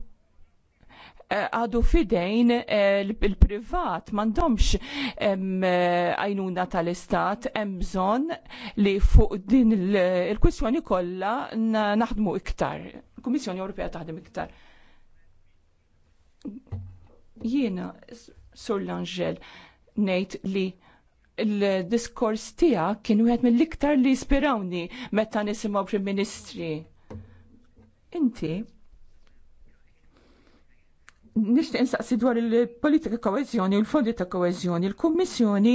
Speaker 2: eh, għadu fidejn il-privat eh, mandomx għajnuna tal-istat emżon li fuq din il-kwissjoni kollha naħdmu iktar. Kummissjoni Ewropea taħdem iktar. Jiena, Sur l-anġel ngħid li l-diskors tiegħek kien wieħed mill-iktar li jispirawni meta nisimgħu Prim Ministri. Inti nixtieq insaqsi dwar il-politika koeżjoni u l-fondi ta' koeżjoni. Il-Kummissjoni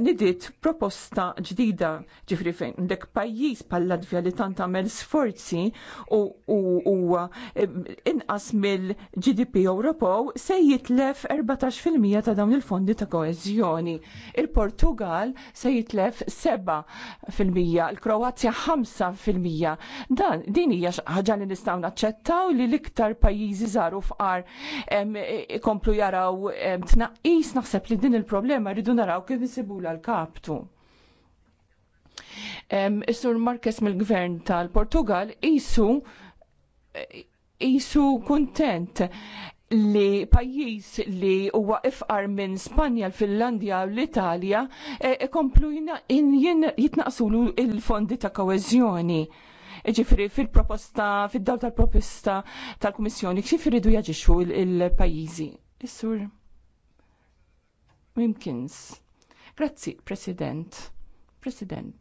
Speaker 2: nidit proposta ġdida ġifri fejn dek pajjiż pal latvja li tant għamel sforzi u, u, u inqas mill-GDP Ewropew se jitlef 14% ta' dawn il-fondi ta' koeżjoni. Il-Portugal se jitlef 7%, il-Kroazja 5%. Dan din hija ħaġa li nistgħu naċċettaw li l-iktar pajjiżi żaru fqar komplu jaraw tnaqqis naħseb li din il-problema rridu naraw kif kif isibula l-kaptu. Is-sur Marques mill-gvern tal-Portugal isu isu kuntent li pajjiż li huwa ifqar minn Spanja, l-Finlandja u l-Italja e, ikomplu jitnaqsulu il fondi ta' koezjoni, Ġifri fil-proposta, fil-daw tal-proposta tal-Kummissjoni, ġifri du jaġixxu il-pajjiżi. Is-sur Mimkins. Grazzi, President. President.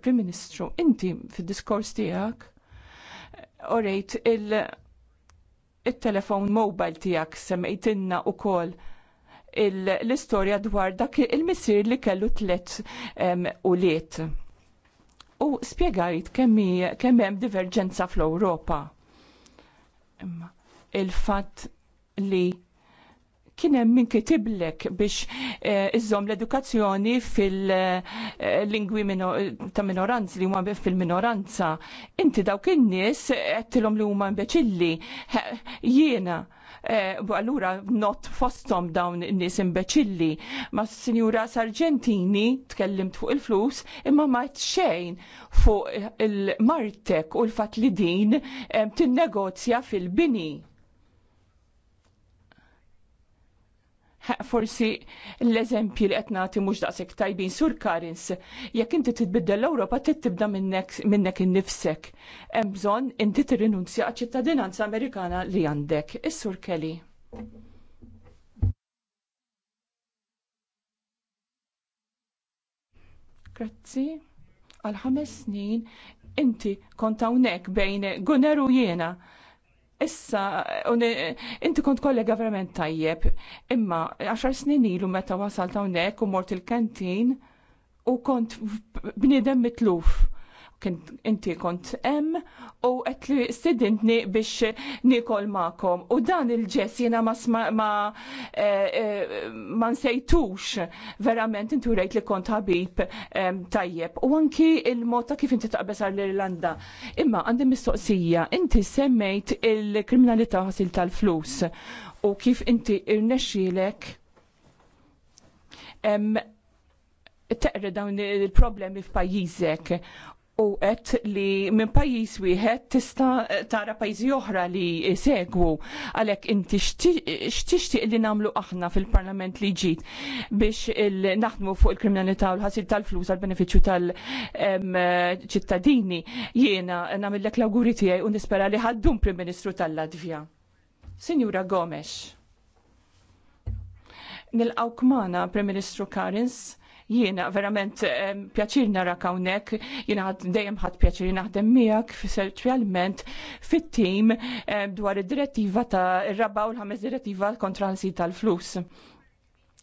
Speaker 2: Prim Ministru, inti fid-diskors tiegħek orejt il-telefon mobile tiegħek semmejtinna kol l-istorja dwar dak il-missir li kellu tlet u liet. U spiegajt kemm hemm divergenza fl-Ewropa. il-fatt li kien hemm min kitiblek biex eh, iżżomm l-edukazzjoni fil-lingwi eh, ta' minoranza li huma fil-minoranza. Inti dawk in-nies qedtilhom li huma imbeċilli. Jiena eh, allura not fostom dawn n-nis imbeċilli. Ma s-Sinjura Sargentini tkellimt fuq il-flus imma ma xejn fuq il-martek u l-fat li din tinnegozja fil-bini. forsi l-eżempji li qed nagħti mhux daqshekk tajbin sur Karins, jekk inti titbiddel l-Ewropa trid tibda minnek innifsek. Hemm bżonn inti tirrinunzja ċittadinanza Amerikana li għandek. Is-Sur Kelly. Grazzi. Għal ħames snin inti kont hawnhekk bejn Gunner u jiena Issa, inti kont kollega verament tajjeb, imma għaxar snin ilu meta wasalt hawnhekk u mort il-kantin u kont bniedem mitluf inti kont hemm u qed li sidintni biex nikol ma'kom. U dan il-ġess jiena ma, ma, eh, eh, ma nsejtux verament inti rejt li kont ħabib eh, tajjeb. U anki il-mod ta' kif inti taqbes għall-Irlanda. Imma għandi mistoqsija, inti semmejt il-kriminalità ħasil tal-flus u kif inti irnexxielek teqre dawn il-problemi f'pajjiżek u qed li minn pajjiż wieħed tista' tara pajjiżi oħra li segwu għalhekk inti x'tixtieq li nagħmlu aħna fil-Parlament li ġit biex naħdmu fuq il-kriminalità u l-ħasil tal-flus għal benefiċċju tal-ċittadini jiena nagħmellek l-awguri tiegħi u nispera li ħaddum Prim Ministru tal latvija Sinjura Gomes. nil magħna Prim Ministru Karins Jiena verament pjaċir nara kawnek, jiena dejjem ħadd pjaċir naħdem miegħek speċjalment fit-tim dwar id-direttiva ta' ir-raba u l-ħames direttiva kontra l tal-flus.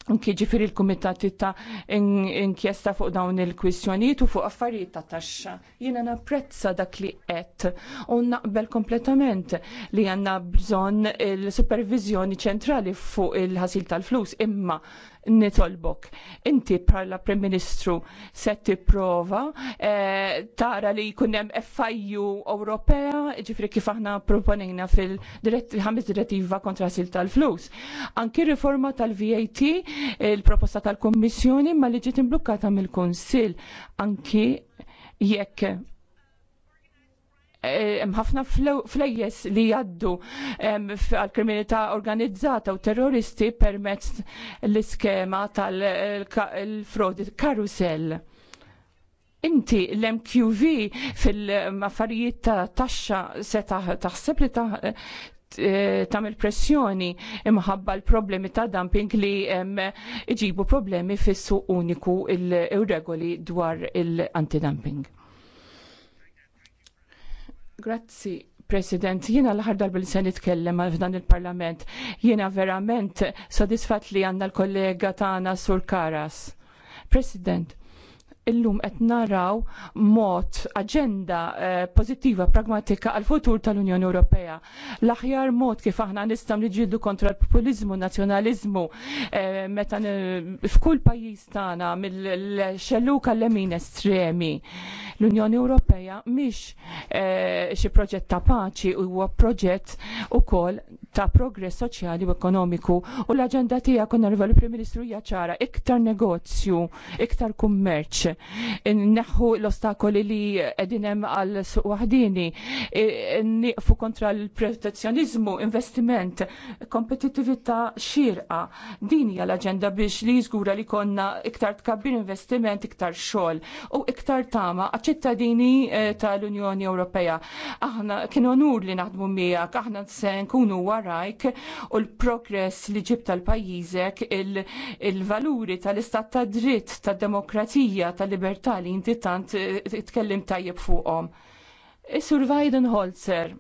Speaker 2: Anki ġifiri l-komitati ta' inkjesta fuq dawn il-kwistjonijiet u fuq affarijiet ta' taxxa. Jiena napprezza dak li qed u naqbel kompletament li għandna bżonn il-supervizjoni ċentrali fuq il-ħasil tal-flus imma nitolbok. Inti parla Prim Ministru se tipprova eh, tara li jkun hemm FIU Ewropea, ġifri kif aħna pproponejna fil-ħames direttiva kontra sil tal-flus. Anki riforma tal-VAT, il-proposta tal-Kommissjoni ma li ġiet imblukkata mill-Kunsill. Anki jekk Eh, hemm ħafna flejjes li jaddu għal kriminalità organizzata u terroristi permezz l-iskema tal-frodi karusell. Inti l-MQV fil-affarijiet ta' taxxa se taħseb li eh, tamil pressjoni imħabba l-problemi ta' dumping li iġibu problemi fis-suq uniku il-regoli dwar il-antidumping. Grazzi. President, jiena l-ħar darba li se nitkellem f'dan il-Parlament, jiena verament sodisfat li għandna l-kollega tagħna Sur Karas. President, illum qed naraw mod aġenda eh, pożittiva pragmatika għal futur tal-Unjoni Ewropea. L-aħjar mod kif aħna nistgħu niġġieldu kontra l-populizmu, nazzjonaliżmu eh, meta f'kull pajjiż tagħna mill-xelluka l-emin estremi. L-Unjoni Ewropea mhix eh, xi proġett ta' paċi huwa proġett ukoll ta' progress soċjali u ekonomiku u l-aġenda tiegħek kun l Prim Ministru hija ċara iktar negozju, iktar kummerċ biex neħu l-ostakoli li edinem għal suq wahdini, niqfu kontra l-protezzjonizmu, investiment, kompetitivita xirqa. Din hija l-agenda biex li jizgura li konna iktar tkabbir investiment, iktar xogħol u iktar tama għaċ-ċittadini eh, tal-Unjoni Ewropea. Aħna kien onur li naħdmu miegħek, aħna se nkunu warajk u l-progress li ġib tal-pajjiżek, il-valuri tal-istat tad dritt, tad-demokrazija, ta' libertà li inti tant eh, tkellim tajjeb fuqhom. Is-Sur Weidenholzer.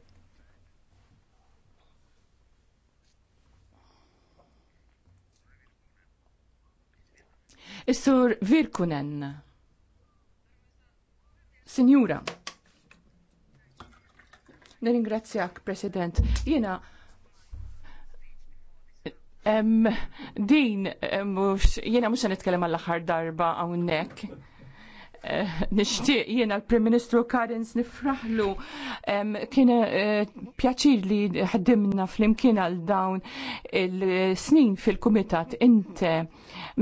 Speaker 2: Is-Sur Virkunen. Sinjura. Neringrazzjak, President. Jena, Um, din, mux, jena mux nitkellem għall-axar darba għawnek. Eh, nixtieq jiena l-Prim Ministru Karins nifraħlu kien eh, pjaċir li ħdimna flimkien għal dawn il-snin fil-Kumitat inte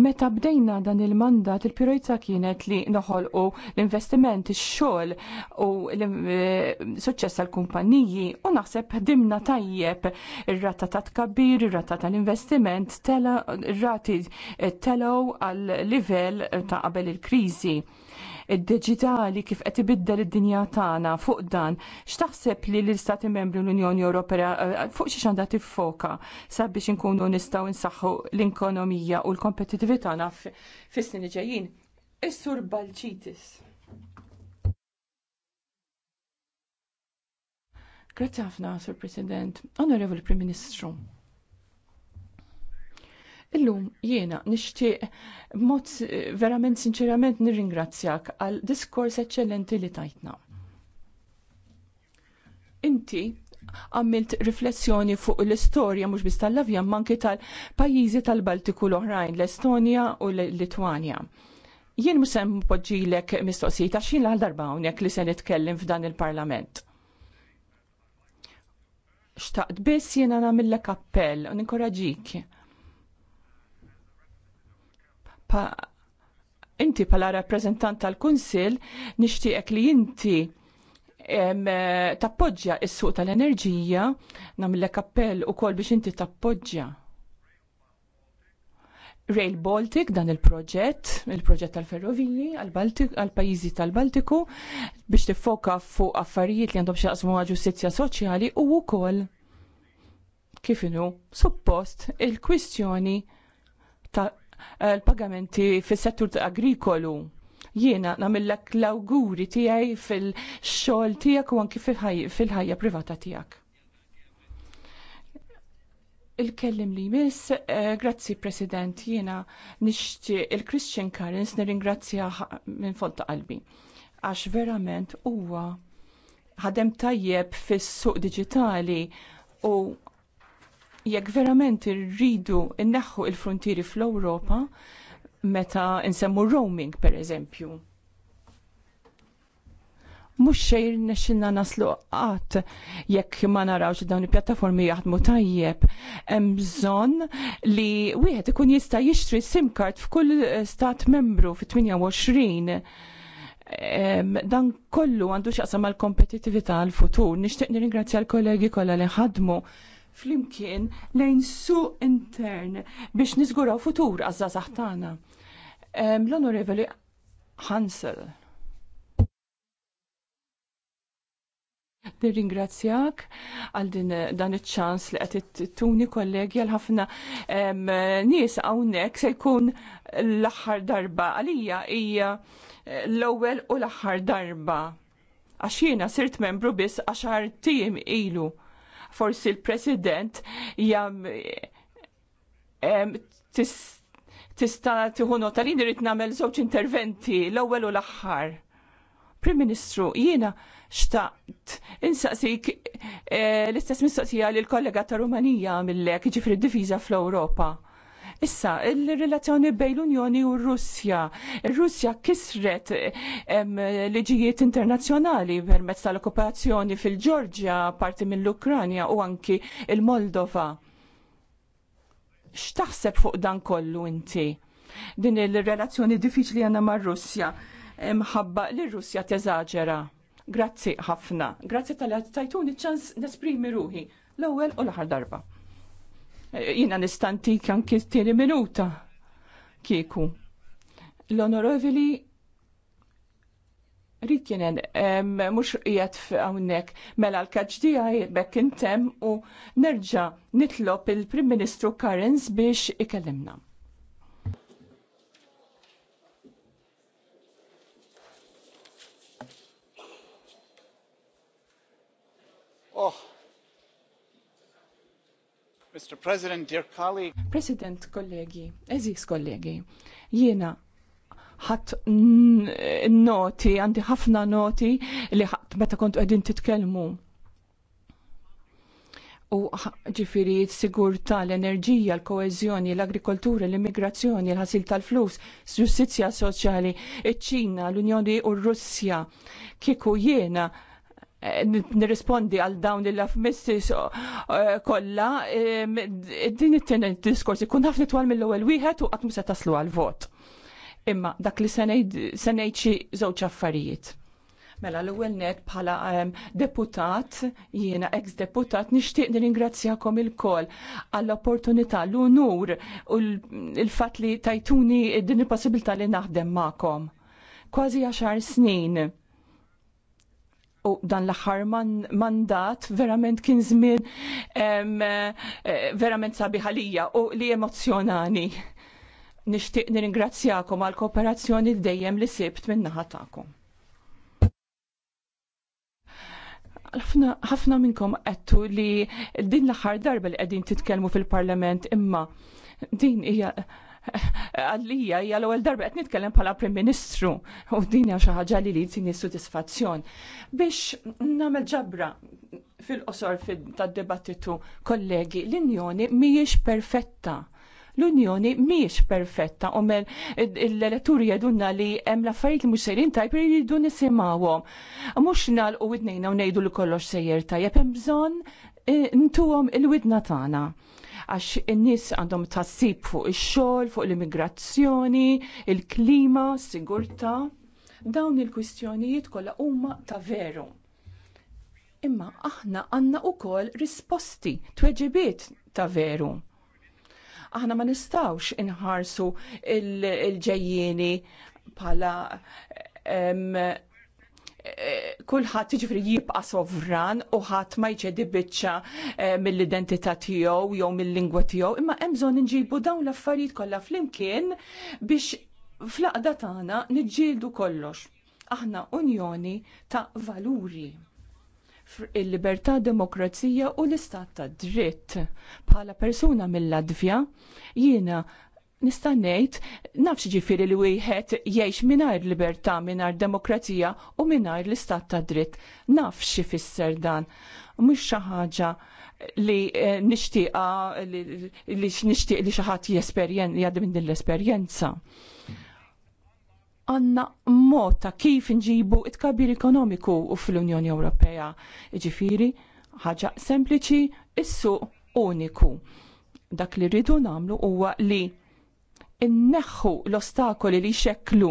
Speaker 2: meta bdejna dan il-mandat il-pirojza kienet li noħolqu l-investiment ix-xogħol u l-suċċess eh, għal kumpaniji u naħseb ħdimna tajjeb ir-rata ta' tkabbir, ir-rata tal-investiment, ir-rati telew għal livell ta' qabel il-kriżi id-diġitali kif qed ibiddel id-dinja tagħna fuq dan, x'taħseb li l-Istati Membri l-Unjoni Ewropea eh, fuq xi għandha tiffoka sabiex inkunu nistgħu nsaħħu l-ekonomija u l-kompetitività tagħna fis-snin li ġejjin. Is-sur Balċitis. Grazie ħafna, Sur President, Onorevole Prim Ministru. Illum jiena nixtieq mod verament sinċerament nirringrazzjak għal diskors eċċellenti li tajtna. Inti għamilt riflessjoni fuq l-istorja mhux biss tal-Lavjan manki tal-pajjiżi tal-Baltiku l-oħrajn, l-Estonja u l-Litwanja. Jien musem poġġilek mistoqsijiet għax jien għal darba hawnhekk li se nitkellem f'dan il-Parlament. Xtaqt biss jiena nagħmillek appell u ninkoraġik pa inti pala rappresentant tal-Kunsil nixtieqek li inti eh, tappoġġja is-suq tal-enerġija nagħmlek appell ukoll biex inti tappoġġja Rail Baltic dan il-proġett, il-proġett tal-ferroviji għal-pajjiżi tal-Baltiku biex tiffoka fuq affarijiet li għandhom xaqsmu ma' ġustizzja soċjali u wkoll kif inhu suppost il-kwistjoni ta' Eh, l-pagamenti fis-settur agrikolu jiena namillak l-auguri tijaj fil-xol tijak u anki fil-ħajja privata tijak. Il-kellim li jmiss, eh, grazzi President, jiena nixti il-Christian Karens nir-ingrazzja minn fonta qalbi. Għax verament huwa ħadem tajjeb fis-suq digitali u jekk verament irridu inneħħu il-frontieri fl-Ewropa, meta nsemmu roaming per eżempju. Mux xejr nexxinna naslu qatt jekk ma narawx dawn il-pjattaformi jaħdmu tajjeb. Hemm bżonn li wieħed ikun jista' jixtri sim card f'kull eh, stat membru fit-28 dan kollu għandu xaqsam għal kompetitività għal futur. Nishtiq nirringrazzja l-kollegi kollha li ħadmu flimkien lejn su intern biex nizguraw futur għazza saħtana. L-Onorevoli Hansel. Nirringrazzjak għal din dan iċ-ċans li qed tuni kollegi għal ħafna nies hawnhekk se jkun l-aħħar darba għalija hija l-ewwel u l-aħħar darba. Għax jiena sirt membru biss għaxar tim ilu forsi l-President jam tista tiħu nota li nirrit namel żewġ interventi l-ewwel u l-aħħar. Prim Ministru, jiena xtaqt insaqsik eh, l-istess mistoqsija li l-kollega ta' Rumanija mill-lek ġifri d difiza fl-Ewropa Issa, il-relazzjoni bejn l-Unjoni u Russja. Russja kisret liġijiet internazzjonali permezz tal-okkupazzjoni fil-Ġorġja, parti mill-Ukranja u anki il-Moldova. X'taħseb fuq dan kollu inti? Din il-relazzjoni diffiċli għandna mar-Russja mħabba li Russja teżaġera. Grazzi ħafna. Grazzi tal-għad tajtuni ċans nesprimi ruħi l-ewwel u l-aħħar darba jina nistanti kan tieni minuta kieku. L-onorovili Rikjenen, mux jgħat f'għawnek, mela l-kaġdi bekk intem u nerġa nitlob il-Prim Ministru Karens biex ikellimna.
Speaker 1: Oh, Mr. President, dear colleague.
Speaker 2: President, kollegi, eżis kollegi, jiena ħat noti, għandi ħafna noti li ħat meta kont għedin titkelmu. U ġifiri sigurta l-enerġija, l-koezjoni, l-agrikoltura, l-immigrazzjoni, l-ħasil tal-flus, ġustizja soċjali, iċ-Ċina, l-Unjoni u r-Russja. Kiku jiena Eh, nirrispondi għal dawn il-affmissis eh, kolla, din it-tenet diskors ikun ħafna twal mill-ewwel wieħed u qatt mhux se taslu għal vot. Imma dak li se ngħid xi żewġ affarijiet. Mela l-ewwel net bħala deputat, jiena ex-deputat, nixtieq nirringrazzjakom il-koll għall-opportunità, l-unur u l-fatt li tajtuni din il-possibilità li naħdem magħkom. Kważi għaxar snin u dan l-aħħar mandat verament kien żmien eh, eh, verament sabiħalija u li emozjonani. Nixtieq nirringrazzjakom għal kooperazzjoni dejjem li sibt minn naħa tagħkom. ħafna minnkom għettu li din l-ħar darba li għedin titkelmu fil-parlament imma din hija għallija hija l-ewwel darba qed nitkellem bħala Prim Ministru u din hija xi ħaġa li li tini sodisfazzjon biex nagħmel ġabra fil-qosor tad-dibattitu kollegi l-Unjoni mhijiex perfetta l-Unjoni miex perfetta u mel l elettur jedunna li hemm l-affarijiet li mhux sejrin tajb li jridu nisimgħuhom. Mhux nagħlqu widnejna u ngħidu li kollox sejjer tajjeb hemm bżonn intuhom eh, il-widna tagħna għax in-nies għandhom tassib fuq ix-xogħol, fuq l-immigrazzjoni, il-klima, s-sigurtà. Dawn il-kwistjonijiet kollha huma ta' veru. Imma aħna għandna wkoll risposti, tweġibiet ta' veru aħna ma nistawx inħarsu il-ġejjieni il pala um, kulħadd jiġifieri jibqa' sovran u ħadd ma jċedi biċċa eh, mill-identità tiegħu jew mill-lingwa tiegħu, imma hemm bżonn inġibu dawn l-affarijiet kollha flimkien biex fl-aqda tagħna niġġieldu kollox. Aħna unjoni ta' valuri il-libertà, demokrazija u l-istat ta' dritt. Bħala persuna mill ladvja jiena nista' ngħid nafx ġifieri li wieħed jgħix mingħajr libertà, mingħajr demokrazija u mingħajr l-istat ta' dritt. Naf xi fisser dan. Mhux xi ħaġa li eh, nixtieqa li nixtieq li xi ħadd jgħaddi minn din l-esperjenza. Għanna mod ta' kif nġibu it-kabir ekonomiku u fl-Unjoni Ewropea. Ġifiri, ħaġa sempliċi, is-suq uniku. Dak li rridu namlu huwa li inneħħu l-ostakoli li xeklu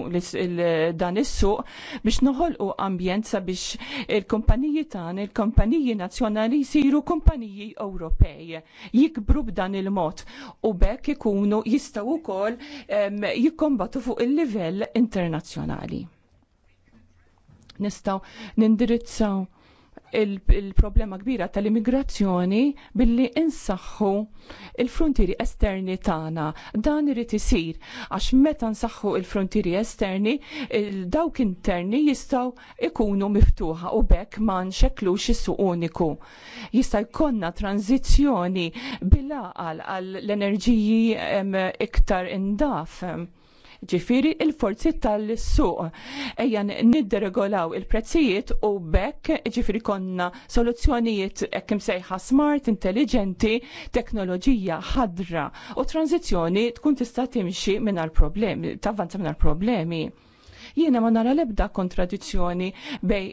Speaker 2: dan is-suq biex noħolqu ambjent sabiex il-kumpaniji tan, il-kumpaniji nazzjonali jsiru kumpaniji Ewropej jikbru b'dan il-mod u bekk ikunu jistgħu wkoll jikkombatu fuq il-livell internazzjonali. Nistgħu nindirizzaw il-problema kbira tal-immigrazzjoni billi insaħħu il-frontieri esterni tagħna. Dan irid isir għax meta nsaħħu il-frontieri esterni, dawk interni jistgħu ikunu miftuħa u bekk ma nxekklux is-suq uniku. Jista' jkollna tranzizzjoni bil-aqal għall-enerġiji iktar indaf ġifiri il-forzi tal-suq. Ejja nidderegolaw il-prezzijiet u bekk ġifiri konna soluzzjonijiet kim sejħa smart, intelligenti, teknoloġija ħadra u tranzizjoni tkun tista' timxi minn problemi tavvanza minn problemi Jiena ma nara lebda kontradizzjoni bej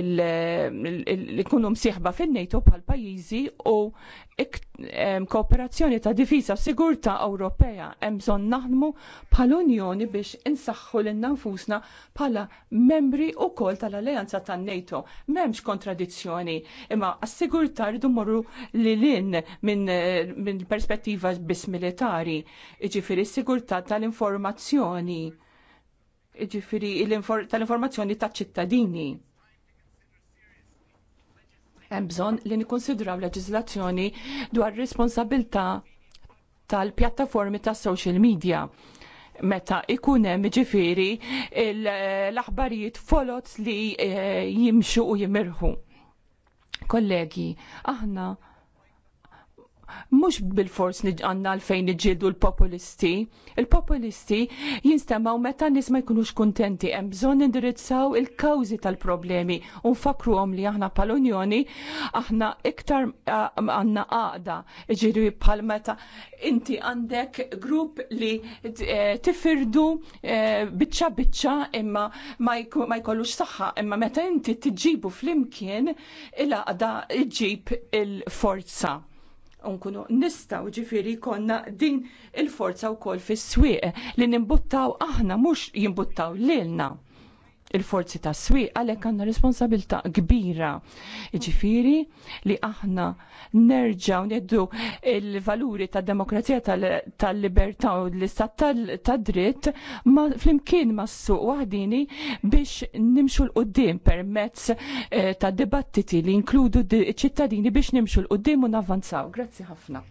Speaker 2: il kunum msieħba fin-NATO bħal pajjiżi u kooperazzjoni ta' difiża sigurta Ewropea hemm bżonn naħdmu bħal Unjoni biex insaħħu lil nfusna bħala membri wkoll tal-Alleanza tan-NATO. M'hemmx kontradizzjoni, imma assigurta rridu morru lilin minn min perspettiva biss militari, s sigurtà tal-informazzjoni ġifiri tal-informazzjoni taċ ċittadini. Hemm bżonn li nikkonsidraw leġiżlazzjoni dwar responsabilità tal-pjattaformi tas social media meta ikunem hemm ġifiri l-aħbarijiet folot li eh, jimxu u jimirħu. Kollegi, aħna mux bil-fors għanna għalfejn iġildu l-populisti. Il-populisti jinstemaw meta nis ma jkunux kontenti, hemm bżonn indirizzaw il-kawzi tal-problemi u nfakru għom li aħna pal-Unjoni aħna iktar għanna għada ġiri bħal meta inti għandek grupp li e, tifirdu e, bitċa bitċa imma ma jkollux saħħa imma meta inti tġibu fl-imkien il-għada iġib il-forza unkunu nistaw ġifiri konna din il-forza u kol fis-swieq li nimbuttaw aħna mux jimbuttaw lilna il-forzi ta' swieq għalhekk għandna responsabilità kbira. Ġifieri li aħna nerġgħu neddu il-valuri tad demokrazija tal-libertà u l-istat tad dritt ma flimkien ma' suq waħdini biex nimxu l qudiem permezz eh, ta' dibattiti li inkludu ċittadini biex nimxu l qudiem u navvanzaw. Grazzi ħafna.